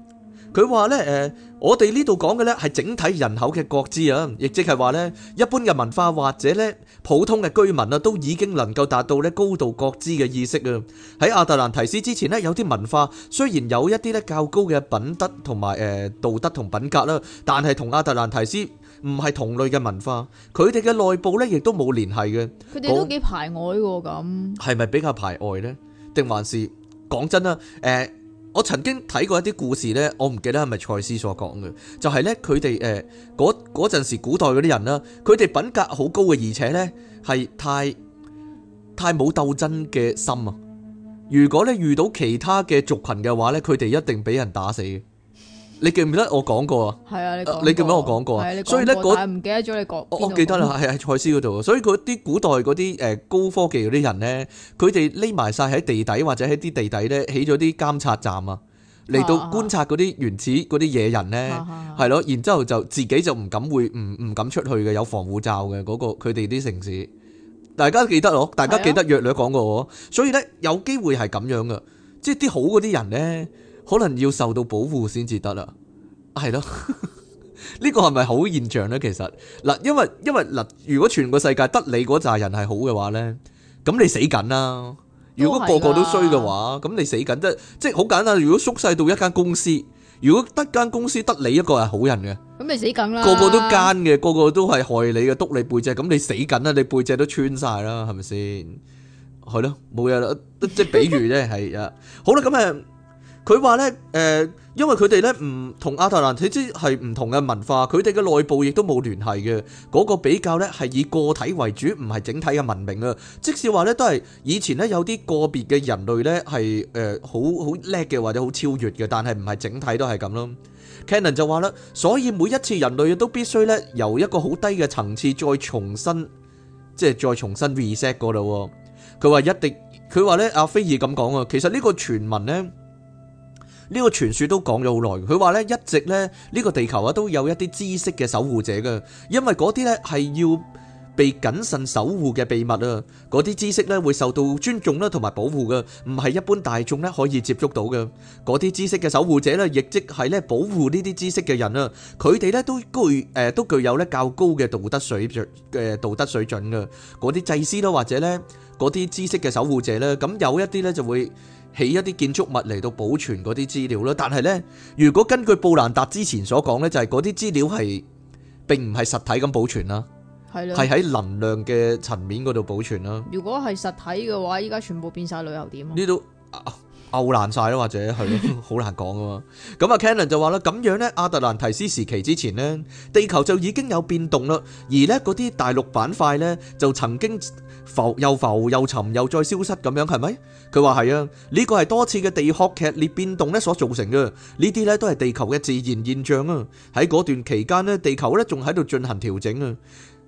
佢話咧，誒，我哋呢度講嘅咧係整體人口嘅覺知啊，亦即係話咧，一般嘅文化或者咧普通嘅居民啊，都已經能夠達到咧高度覺知嘅意識啊。喺亞特蘭提斯之前咧，有啲文化雖然有一啲咧較高嘅品德同埋誒道德同品格啦，但係同亞特蘭提斯唔係同類嘅文化，佢哋嘅內部咧亦都冇聯繫嘅。佢哋都幾排外喎，咁，係咪比較排外呢？定還是講真啊，誒？我曾經睇過一啲故事呢，我唔記得係咪賽斯所講嘅，就係呢。佢哋誒嗰嗰陣時古代嗰啲人啦，佢哋品格好高嘅，而且呢係太太冇鬥爭嘅心啊！如果咧遇到其他嘅族群嘅話呢，佢哋一定俾人打死。你記唔記得我講過啊？係啊，你你記唔記得我講過啊？所以咧，嗰唔記得咗你講，我記得啦，係喺賽斯嗰度。所以嗰啲古代嗰啲誒高科技嗰啲人咧，佢哋匿埋晒喺地底或者喺啲地底咧起咗啲監察站啊，嚟到觀察嗰啲原始嗰啲野人咧，係咯，然之後就自己就唔敢會唔唔敢出去嘅，有防護罩嘅嗰個佢哋啲城市，大家記得咯，大家記得約略講過，所以咧有機會係咁樣嘅，即係啲好嗰啲人咧。可能要受到保護先至得啦，係咯？呢個係咪好現象咧？其實嗱，因為因為嗱，如果全個世界得你嗰扎人係好嘅話咧，咁你死緊啦。如果個個都衰嘅話，咁你死緊即係即係好簡單。如果縮細到一間公司，如果得間公司得你一個係好人嘅，咁你死緊啦。個個都奸嘅，個個都係害你嘅，篤你背脊，咁你死緊啦，你背脊都穿晒啦，係咪先？係咯，冇嘢啦。即係比如咧，係啊，好啦，咁啊。佢話呢，誒、呃，因為佢哋呢唔同亞特蘭提斯係唔同嘅文化，佢哋嘅內部亦都冇聯繫嘅。嗰、那個比較呢係以個體為主，唔係整體嘅文明啊。即使話呢都係以前呢，有啲個別嘅人類呢係誒好好叻嘅或者好超越嘅，但係唔係整體都係咁咯。Cannon 就話啦，所以每一次人類都必須呢由一個好低嘅層次再重新，即係再重新 reset 度啦。佢話一定，佢話呢，阿菲爾咁講啊，其實呢個傳聞呢。呢個傳説都講咗好耐，佢話咧一直咧呢個地球啊都有一啲知識嘅守護者嘅，因為嗰啲咧係要被謹慎守護嘅秘密啊，嗰啲知識咧會受到尊重啦同埋保護嘅，唔係一般大眾咧可以接觸到嘅。嗰啲知識嘅守護者咧，亦即係咧保護呢啲知識嘅人啊，佢哋咧都具誒都具有咧較高嘅道德水準嘅道德水準嘅。嗰啲祭司啦或者咧嗰啲知識嘅守護者咧，咁有一啲咧就會。起一啲建築物嚟到保存嗰啲資料咯，但係呢，如果根據布蘭達之前所講呢，就係嗰啲資料係並唔係實體咁保存啦，係喺的能量嘅層面嗰度保存啦。如果係實體嘅話，依家全部變晒旅遊點。呢度漚爛晒咯，或者係咯，好難講啊。嘛、 嗯。咁啊，Cannon 就話啦，咁樣呢，阿特蘭堤斯時期之前呢，地球就已經有變動啦，而呢嗰啲大陸板塊呢，就曾經。浮又浮又沉又再消失咁樣係咪？佢話係啊，呢個係多次嘅地殼劇烈變動咧所造成嘅。呢啲咧都係地球嘅自然現象啊。喺嗰段期間呢，地球咧仲喺度進行調整啊，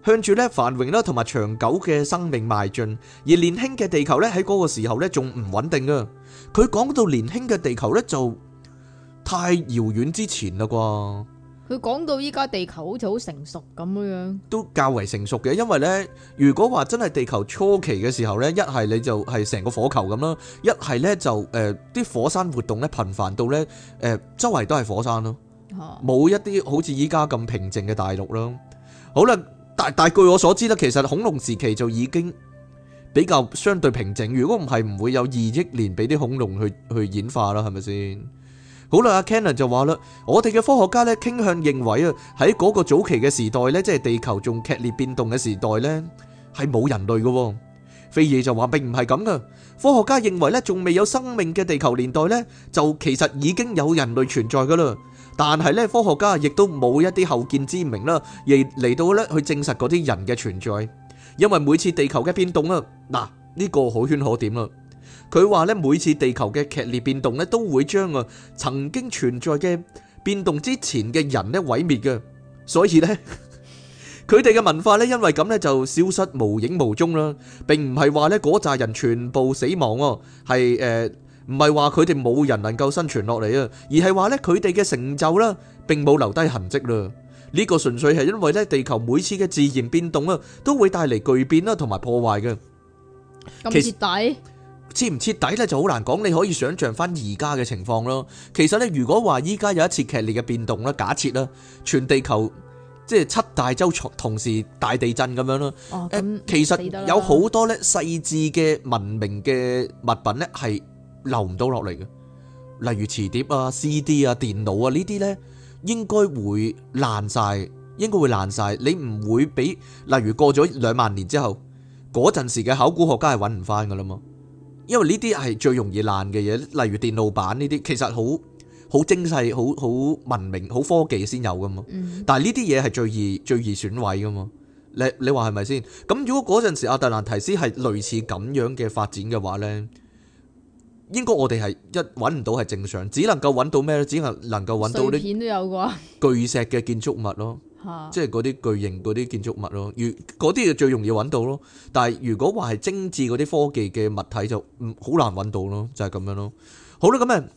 向住咧繁榮啦同埋長久嘅生命邁進。而年輕嘅地球咧喺嗰個時候咧仲唔穩定啊。佢講到年輕嘅地球咧就太遙遠之前啦啩。佢講到依家地球好似好成熟咁樣，都較為成熟嘅。因為呢，如果話真係地球初期嘅時候呢，一係你就係成個火球咁啦，一係呢就誒啲、呃、火山活動呢頻繁到呢，誒、呃、周圍都係火山咯，冇、啊、一啲好似依家咁平靜嘅大陸咯。好啦，但但據我所知呢，其實恐龍時期就已經比較相對平靜。如果唔係，唔會有二億年俾啲恐龍去去演化啦，係咪先？好啦，阿 Kenan 就話啦，我哋嘅科學家咧傾向認為啊，喺嗰個早期嘅時代咧，即係地球仲劇烈變動嘅時代咧，係冇人類嘅。菲爾就話並唔係咁噶，科學家認為咧仲未有生命嘅地球年代咧，就其實已經有人類存在噶啦。但係咧，科學家亦都冇一啲後見之明啦，而嚟到咧去證實嗰啲人嘅存在，因為每次地球嘅變動啊，嗱呢個可圈可點啦。佢話咧，每次地球嘅劇烈變動咧，都會將啊曾經存在嘅變動之前嘅人咧毀滅嘅。所以咧，佢哋嘅文化咧，因為咁咧就消失無影無蹤啦，並唔係話咧嗰扎人全部死亡哦，係誒唔係話佢哋冇人能夠生存落嚟啊，而係話咧佢哋嘅成就啦，並冇留低痕跡啦。呢個純粹係因為咧地球每次嘅自然變動啊，都會帶嚟巨變啦，同埋破壞嘅。咁徹底。徹唔徹底咧，就好難講。你可以想象翻而家嘅情況咯。其實咧，如果話依家有一次劇烈嘅變動咧，假設咧全地球即係七大洲同時大地震咁樣咯。哦嗯、其實有好多呢細致嘅文明嘅物品呢係留唔到落嚟嘅，例如磁碟啊、CD 啊、電腦啊呢啲呢，應該會爛晒，應該會爛晒。你唔會俾例如過咗兩萬年之後嗰陣時嘅考古學家係揾唔翻噶啦嘛？因為呢啲係最容易爛嘅嘢，例如電路板呢啲，其實好好精細、好好文明、好科技先有噶嘛。但係呢啲嘢係最易最易損毀噶嘛。你你話係咪先？咁如果嗰陣時阿特蘭提斯係類似咁樣嘅發展嘅話呢，應該我哋係一揾唔到係正常，只能夠揾到咩咧？只能夠揾到啲巨石嘅建築物咯。即係嗰啲巨型嗰啲建築物咯，如嗰啲就最容易揾到咯。但係如果話係精緻嗰啲科技嘅物體就唔好難揾到咯，就係咁樣咯。好啦，咁啊～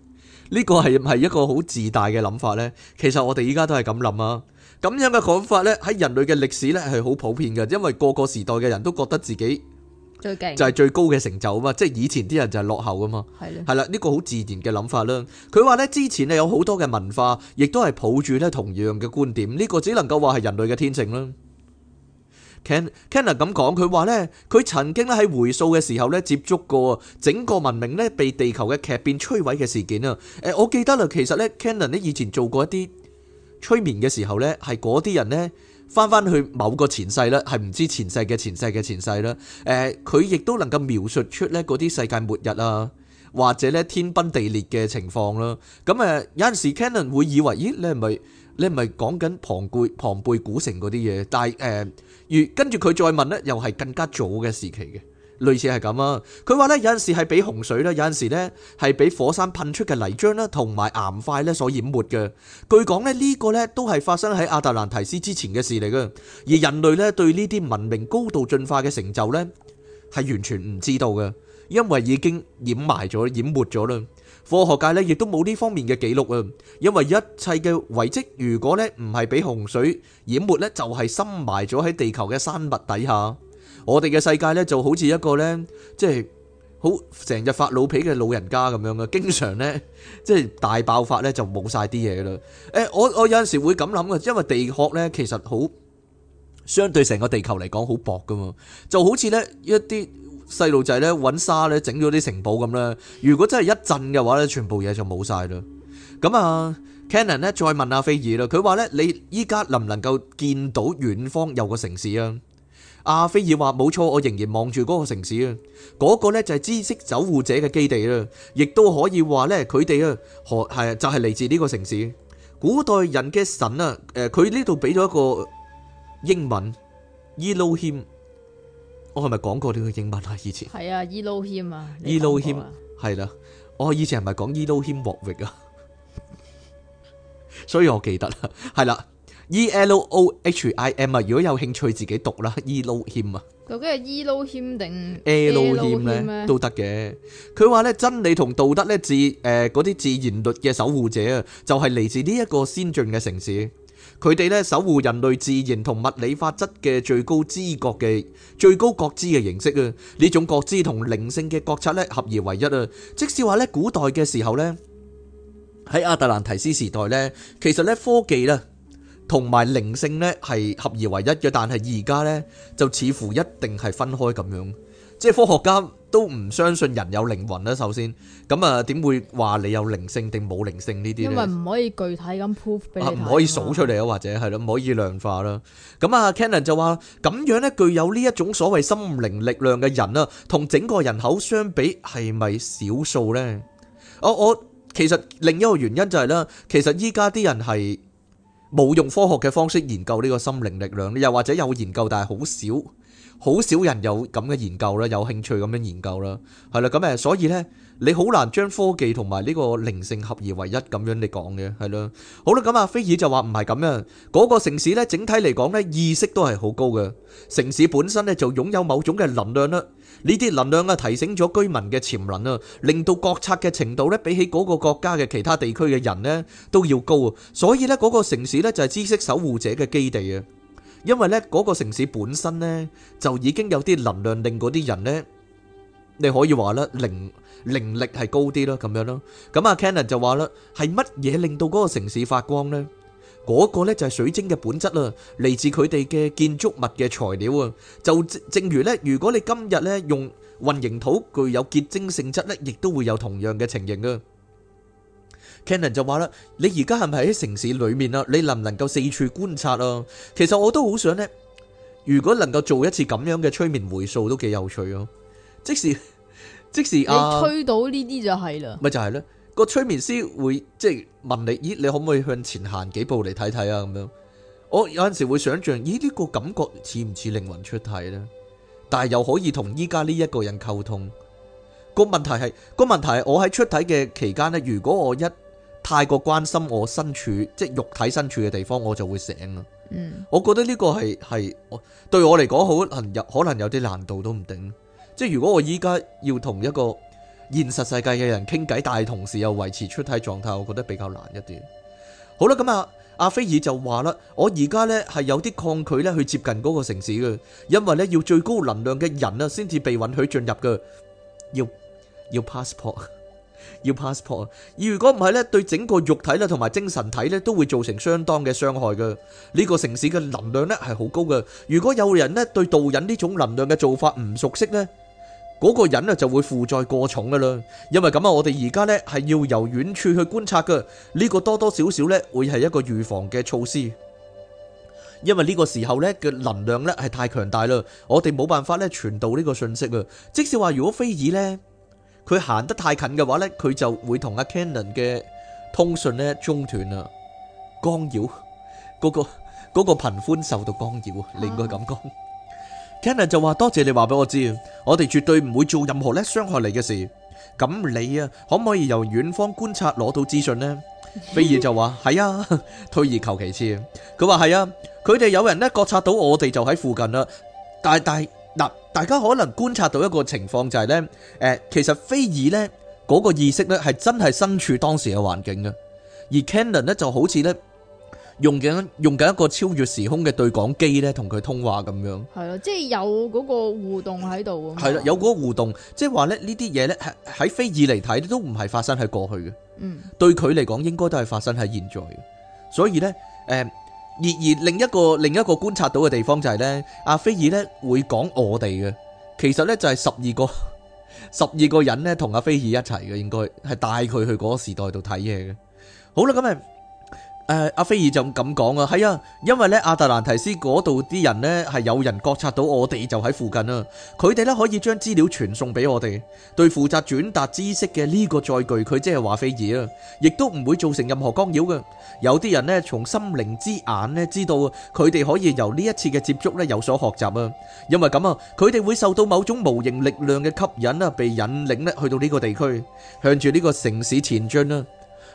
呢個係唔係一個好自大嘅諗法咧？其實我哋依家都係咁諗啊！咁樣嘅講法咧，喺人類嘅歷史咧係好普遍嘅，因為個個時代嘅人都覺得自己最勁，就係最高嘅成就啊嘛！即係以前啲人就係落後啊嘛，係咯，係啦，呢個好自然嘅諗法啦。佢話咧，之前咧有好多嘅文化，亦都係抱住咧同樣嘅觀點，呢個只能夠話係人類嘅天性啦。Cannon 咁講，佢話呢，佢曾經咧喺回溯嘅時候呢，接觸過整個文明呢，被地球嘅劇變摧毀嘅事件啊！誒、欸，我記得啦，其實呢 Cannon 以前做過一啲催眠嘅時候呢，係嗰啲人呢，翻翻去某個前世啦，係唔知前世嘅前世嘅前世啦。誒、欸，佢亦都能夠描述出呢嗰啲世界末日啊，或者呢天崩地裂嘅情況啦。咁、嗯、誒，有陣時 Cannon 會以為咦，你係咪？你咪講緊龐貴龐貝古城嗰啲嘢，但係誒，如跟住佢再問咧，又係更加早嘅時期嘅，類似係咁啊。佢話咧，有陣時係俾洪水啦，有陣時咧係俾火山噴出嘅泥漿啦同埋岩塊咧所掩沒嘅。據講咧，呢個咧都係發生喺阿特蘭提斯之前嘅事嚟嘅，而人類咧對呢啲文明高度進化嘅成就咧係完全唔知道嘅，因為已經掩埋咗、掩沒咗啦。科學界呢亦都冇呢方面嘅記錄，因為一切嘅遺跡，如果呢唔係俾洪水淹沒呢，就係深埋咗喺地球嘅山脈底下。我哋嘅世界呢就好似一個呢，即係好成日發老脾嘅老人家咁樣嘅，經常呢，即係大爆發呢就冇曬啲嘢啦。欸我我有陣時會咁諗，因為地殼呢其實好相對成個地球嚟講好薄㗎嘛，就好似呢一啲細路仔咧揾沙咧，整咗啲城堡咁啦。如果真係一震嘅話咧，全部嘢就冇曬啦。咁啊，Cannon 咧再問阿菲爾啦，佢話咧：你依家能唔能夠見到遠方有個城市啊？阿菲爾話：冇錯，我仍然望住嗰個城市啊。嗰個咧就係知識守護者嘅基地啦，亦都可以話咧佢哋啊，何係就係嚟自呢個城市。古代人嘅神啊，誒佢呢度俾咗一個英文 Elohim。我係咪講過呢個英文啊？以前係啊，Elohim 啊，Elohim 係啦，我以前係咪講 Elohim 獲譽啊？ 所以我記得啦，係啦，E L O H I M 啊，如果有興趣自己讀啦，Elohim 啊，究竟係 Elohim 定 Lohim 咧都得嘅。佢話咧，真理同道德咧，自誒嗰啲自然律嘅守護者啊，就係嚟自呢一個先進嘅城市。佢哋呢，守護人類自然同物理法則嘅最高知覺嘅最高覺知嘅形式啊，呢種覺知同靈性嘅覺察呢合而為一啊！即使話呢古代嘅時候呢，喺阿特蘭堤斯時代呢，其實呢科技啦同埋靈性呢係合而為一嘅，但係而家呢就似乎一定係分開咁樣，即係科學家。都唔相信人有靈魂咧，首先咁啊，點會話你有靈性定冇靈性呢啲咧？因為唔可以具體咁 prove 俾你睇，唔可以數出嚟啊，或者係咯，唔可以量化啦。咁啊，Cannon 就話咁樣咧，具有呢一種所謂心靈力量嘅人啊，同整個人口相比係咪少數咧？我我其實另一個原因就係咧，其實依家啲人係冇用科學嘅方式研究呢個心靈力量，又或者有研究，但係好少。好少人有咁嘅研究啦，有興趣咁樣研究啦，係啦，咁誒，所以呢，你好難將科技同埋呢個靈性合而為一咁樣你講嘅，係咯，好啦，咁啊，菲爾就話唔係咁樣，嗰個城市呢，整體嚟講呢，意識都係好高嘅，城市本身呢，就擁有某種嘅能量啦，呢啲能量啊提醒咗居民嘅潛能啊，令到覺察嘅程度呢，比起嗰個國家嘅其他地區嘅人呢，都要高，所以呢，嗰個城市呢，就係知識守護者嘅基地啊。因為咧，嗰個城市本身咧就已經有啲能量，令嗰啲人咧，你可以話咧，靈靈力係高啲咯，咁樣咯。咁啊，Cannon 就話啦，係乜嘢令到嗰個城市發光咧？嗰個咧就係水晶嘅本質啦，嚟自佢哋嘅建築物嘅材料啊。就正如咧，如果你今日咧用混凝土具有結晶性質咧，亦都會有同樣嘅情形啊。Canon 就話啦，你而家係咪喺城市裏面啊？你能唔能夠四處觀察啊？其實我都好想呢。如果能夠做一次咁樣嘅催眠回溯，都幾有趣咯、啊。即時即時啊，催到呢啲就係啦，咪就係咯。個催眠師會即係問你，咦，你可唔可以向前行幾步嚟睇睇啊？咁樣，我有陣時會想像，咦，呢個感覺似唔似靈魂出體呢？但係又可以同依家呢一個人溝通。個問題係，個問題係，我喺出體嘅期間呢，如果我一太過關心我身處，即係肉體身處嘅地方，我就會醒啦！嗯、我覺得呢個係係對我嚟講可能有可能有啲難度都唔定。即係如果我依家要同一個現實世界嘅人傾偈，但係同時又維持出體狀態，我覺得比較難一啲。好啦，咁啊阿菲爾就話啦，我而家呢係有啲抗拒呢去接近嗰個城市嘅，因為呢要最高能量嘅人啊先至被允許進入嘅，要要 passport。要 passport，而如果唔係咧，對整個肉體咧同埋精神體咧都會造成相當嘅傷害嘅。呢個城市嘅能量咧係好高嘅，如果有人咧對導引呢種能量嘅做法唔熟悉咧，嗰個人咧就會負載過重噶啦。因為咁啊，我哋而家咧係要由遠處去觀察嘅，呢個多多少少咧會係一個預防嘅措施。因為呢個時候咧嘅能量咧係太強大啦，我哋冇辦法咧傳導呢個信息啊。即使話如果非爾咧。佢行得太近嘅話咧，佢就會同阿 Cannon 嘅通訊咧中斷啦，干擾，嗰個嗰個頻寬受到干擾啊，你應該咁講。Cannon 就話：多謝你話俾我知，我哋絕對唔會做任何咧傷害你嘅事。咁你啊，可唔可以由遠方觀察攞到資訊咧？飛兒就話：係啊，退而求其次。佢話：係啊，佢哋有人咧覺察到我哋就喺附近啦，但係但係。嗱，大家可能觀察到一個情況就係咧，誒，其實飛爾咧嗰個意識咧係真係身處當時嘅環境嘅，而 Cannon 咧就好似咧用緊用緊一個超越時空嘅對講機咧同佢通話咁樣。係咯，即係有嗰個互動喺度啊。係啦，有個互動，即係話咧呢啲嘢咧喺喺飛爾嚟睇都唔係發生喺過去嘅，嗯，對佢嚟講應該都係發生喺現在嘅，所以咧，誒、呃。而而另一個另一個觀察到嘅地方就係呢，阿菲爾呢會講我哋嘅，其實呢，就係十二個十二個人呢同阿菲爾一齊嘅，應該係帶佢去嗰個時代度睇嘢嘅。好啦，咁咪～誒、阿、啊、菲爾就咁講啊，係啊，因為咧，阿特蘭堤斯嗰度啲人呢，係有人覺察到我哋就喺附近啊，佢哋呢可以將資料傳送俾我哋。對負責轉達知識嘅呢個載具，佢即係話菲爾啊，亦都唔會造成任何干擾嘅。有啲人呢，從心靈之眼呢知道，佢哋可以由呢一次嘅接觸呢有所學習啊。因為咁啊，佢哋會受到某種無形力量嘅吸引啊，被引領咧去到呢個地區，向住呢個城市前進啊。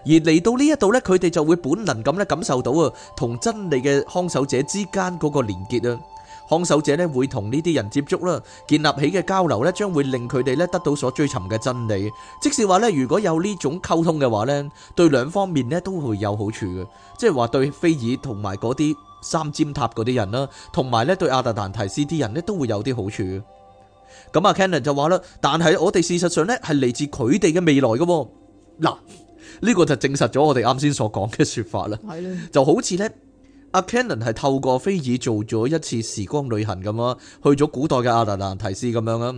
而嚟到呢一度咧，佢哋就會本能咁咧感受到啊，同真理嘅看守者之間嗰個連結啊，看守者咧會同呢啲人接觸啦，建立起嘅交流咧，將會令佢哋咧得到所追尋嘅真理。即是話咧，如果有呢種溝通嘅話咧，對兩方面咧都會有好處嘅，即係話對菲爾同埋嗰啲三尖塔嗰啲人啦，同埋咧對阿特蘭堤斯啲人咧都會有啲好處。咁啊，Cannon 就話啦，但係我哋事實上咧係嚟自佢哋嘅未來嘅，嗱。呢個就證實咗我哋啱先所講嘅説法啦。係咯，就好似咧，阿 Cannon 係透過菲爾做咗一次時光旅行咁咯，去咗古代嘅阿特蘭堤斯咁樣啊。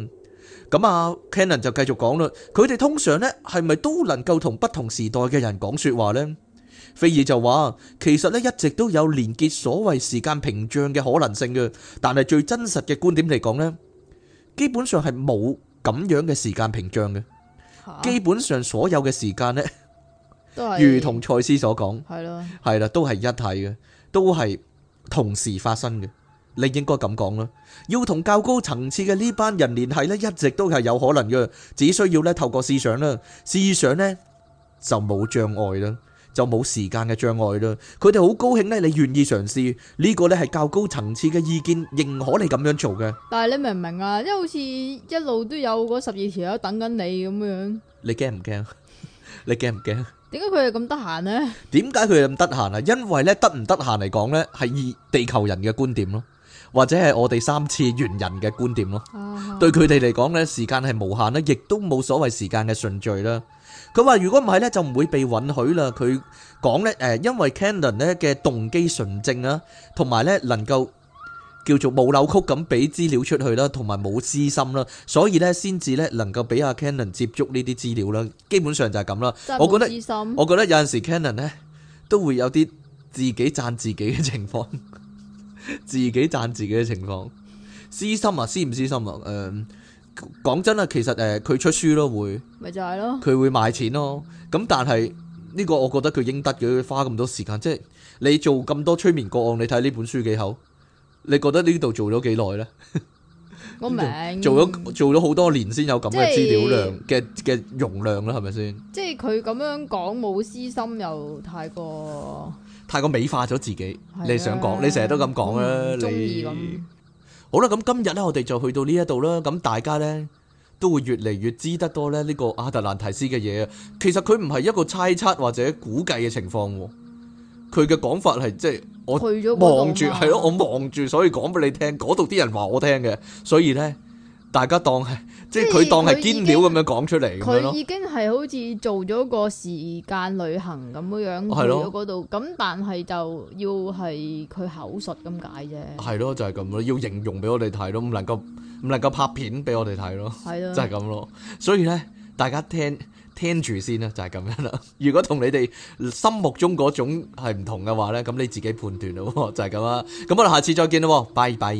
咁啊，Cannon 就繼續講啦，佢哋通常咧係咪都能夠同不同時代嘅人講説話咧？菲爾就話其實咧一直都有連結所謂時間屏障嘅可能性嘅，但係最真實嘅觀點嚟講咧，基本上係冇咁樣嘅時間屏障嘅，基本上所有嘅時間咧。如同賽斯所講，係咯，係啦，都係一體嘅，都係同時發生嘅，你應該咁講啦。要同較高層次嘅呢班人聯繫咧，一直都係有可能嘅，只需要咧透過思想啦,思想咧就冇障礙啦，就冇時間嘅障礙啦。佢哋好高興咧，你願意嘗試呢個咧係較高層次嘅意見認可你咁樣做嘅。但係你明唔明啊？因為好似一路都有嗰十二條友喺度等緊你咁樣，你驚唔驚？你驚唔驚？點解佢係咁得閒咧？點解佢咁得閒啊？因為咧，得唔得閒嚟講咧，係以地球人嘅觀點咯，或者係我哋三次元人嘅觀點咯。對佢哋嚟講咧，時間係無限啦，亦都冇所謂時間嘅順序啦。佢話如果唔係咧，就唔會被允許啦。佢講咧，誒，因為 Cannon 咧嘅動機純正啊，同埋咧能夠。叫做冇扭曲咁俾資料出去啦，同埋冇私心啦，所以咧先至咧能夠俾阿 Cannon 接觸呢啲資料啦。基本上就係咁啦。我覺得，我覺得有陣時 Cannon 咧都會有啲自己讚自己嘅情況， 自己讚自己嘅情況。私心啊，私唔私心啊？誒、呃，講真啊，其實誒佢出書咯，會咪就係咯，佢會賣錢咯。咁但係呢、呢個我覺得佢應得嘅，花咁多時間，即係你做咁多催眠個案，你睇呢本書幾好。你覺得呢度做咗幾耐咧？我明做咗做咗好多年先有咁嘅資料量嘅嘅是容量啦，係咪先？即係佢咁樣講冇私心，又太過太過美化咗自己。的你想講？你成日都咁講啦。你。好啦，咁今日咧我哋就去到呢一度啦。咁大家咧都會越嚟越知得多咧呢個亞特蘭提斯嘅嘢啊。其實佢唔係一個猜測或者估計嘅情況。佢嘅講法係即係我望住，係咯，我望住，所以講俾你聽。嗰度啲人話我聽嘅，所以咧，大家當係即係是佢當係堅料咁樣講出嚟，佢已經係好似做咗個時間旅行咁樣樣去咗嗰度。咁了但係就要係佢口述咁解啫。係咯，就係咁咯，要形容俾我哋睇咯，唔能夠唔能夠拍片俾我哋睇咯，了就係咁咯。所以咧，大家聽。聽住先啦，就係、是、咁樣啦。 如果同你哋心目中嗰種係唔同嘅話咧，咁你自己判斷咯。就係咁啦。咁我哋下次再見啦，拜拜。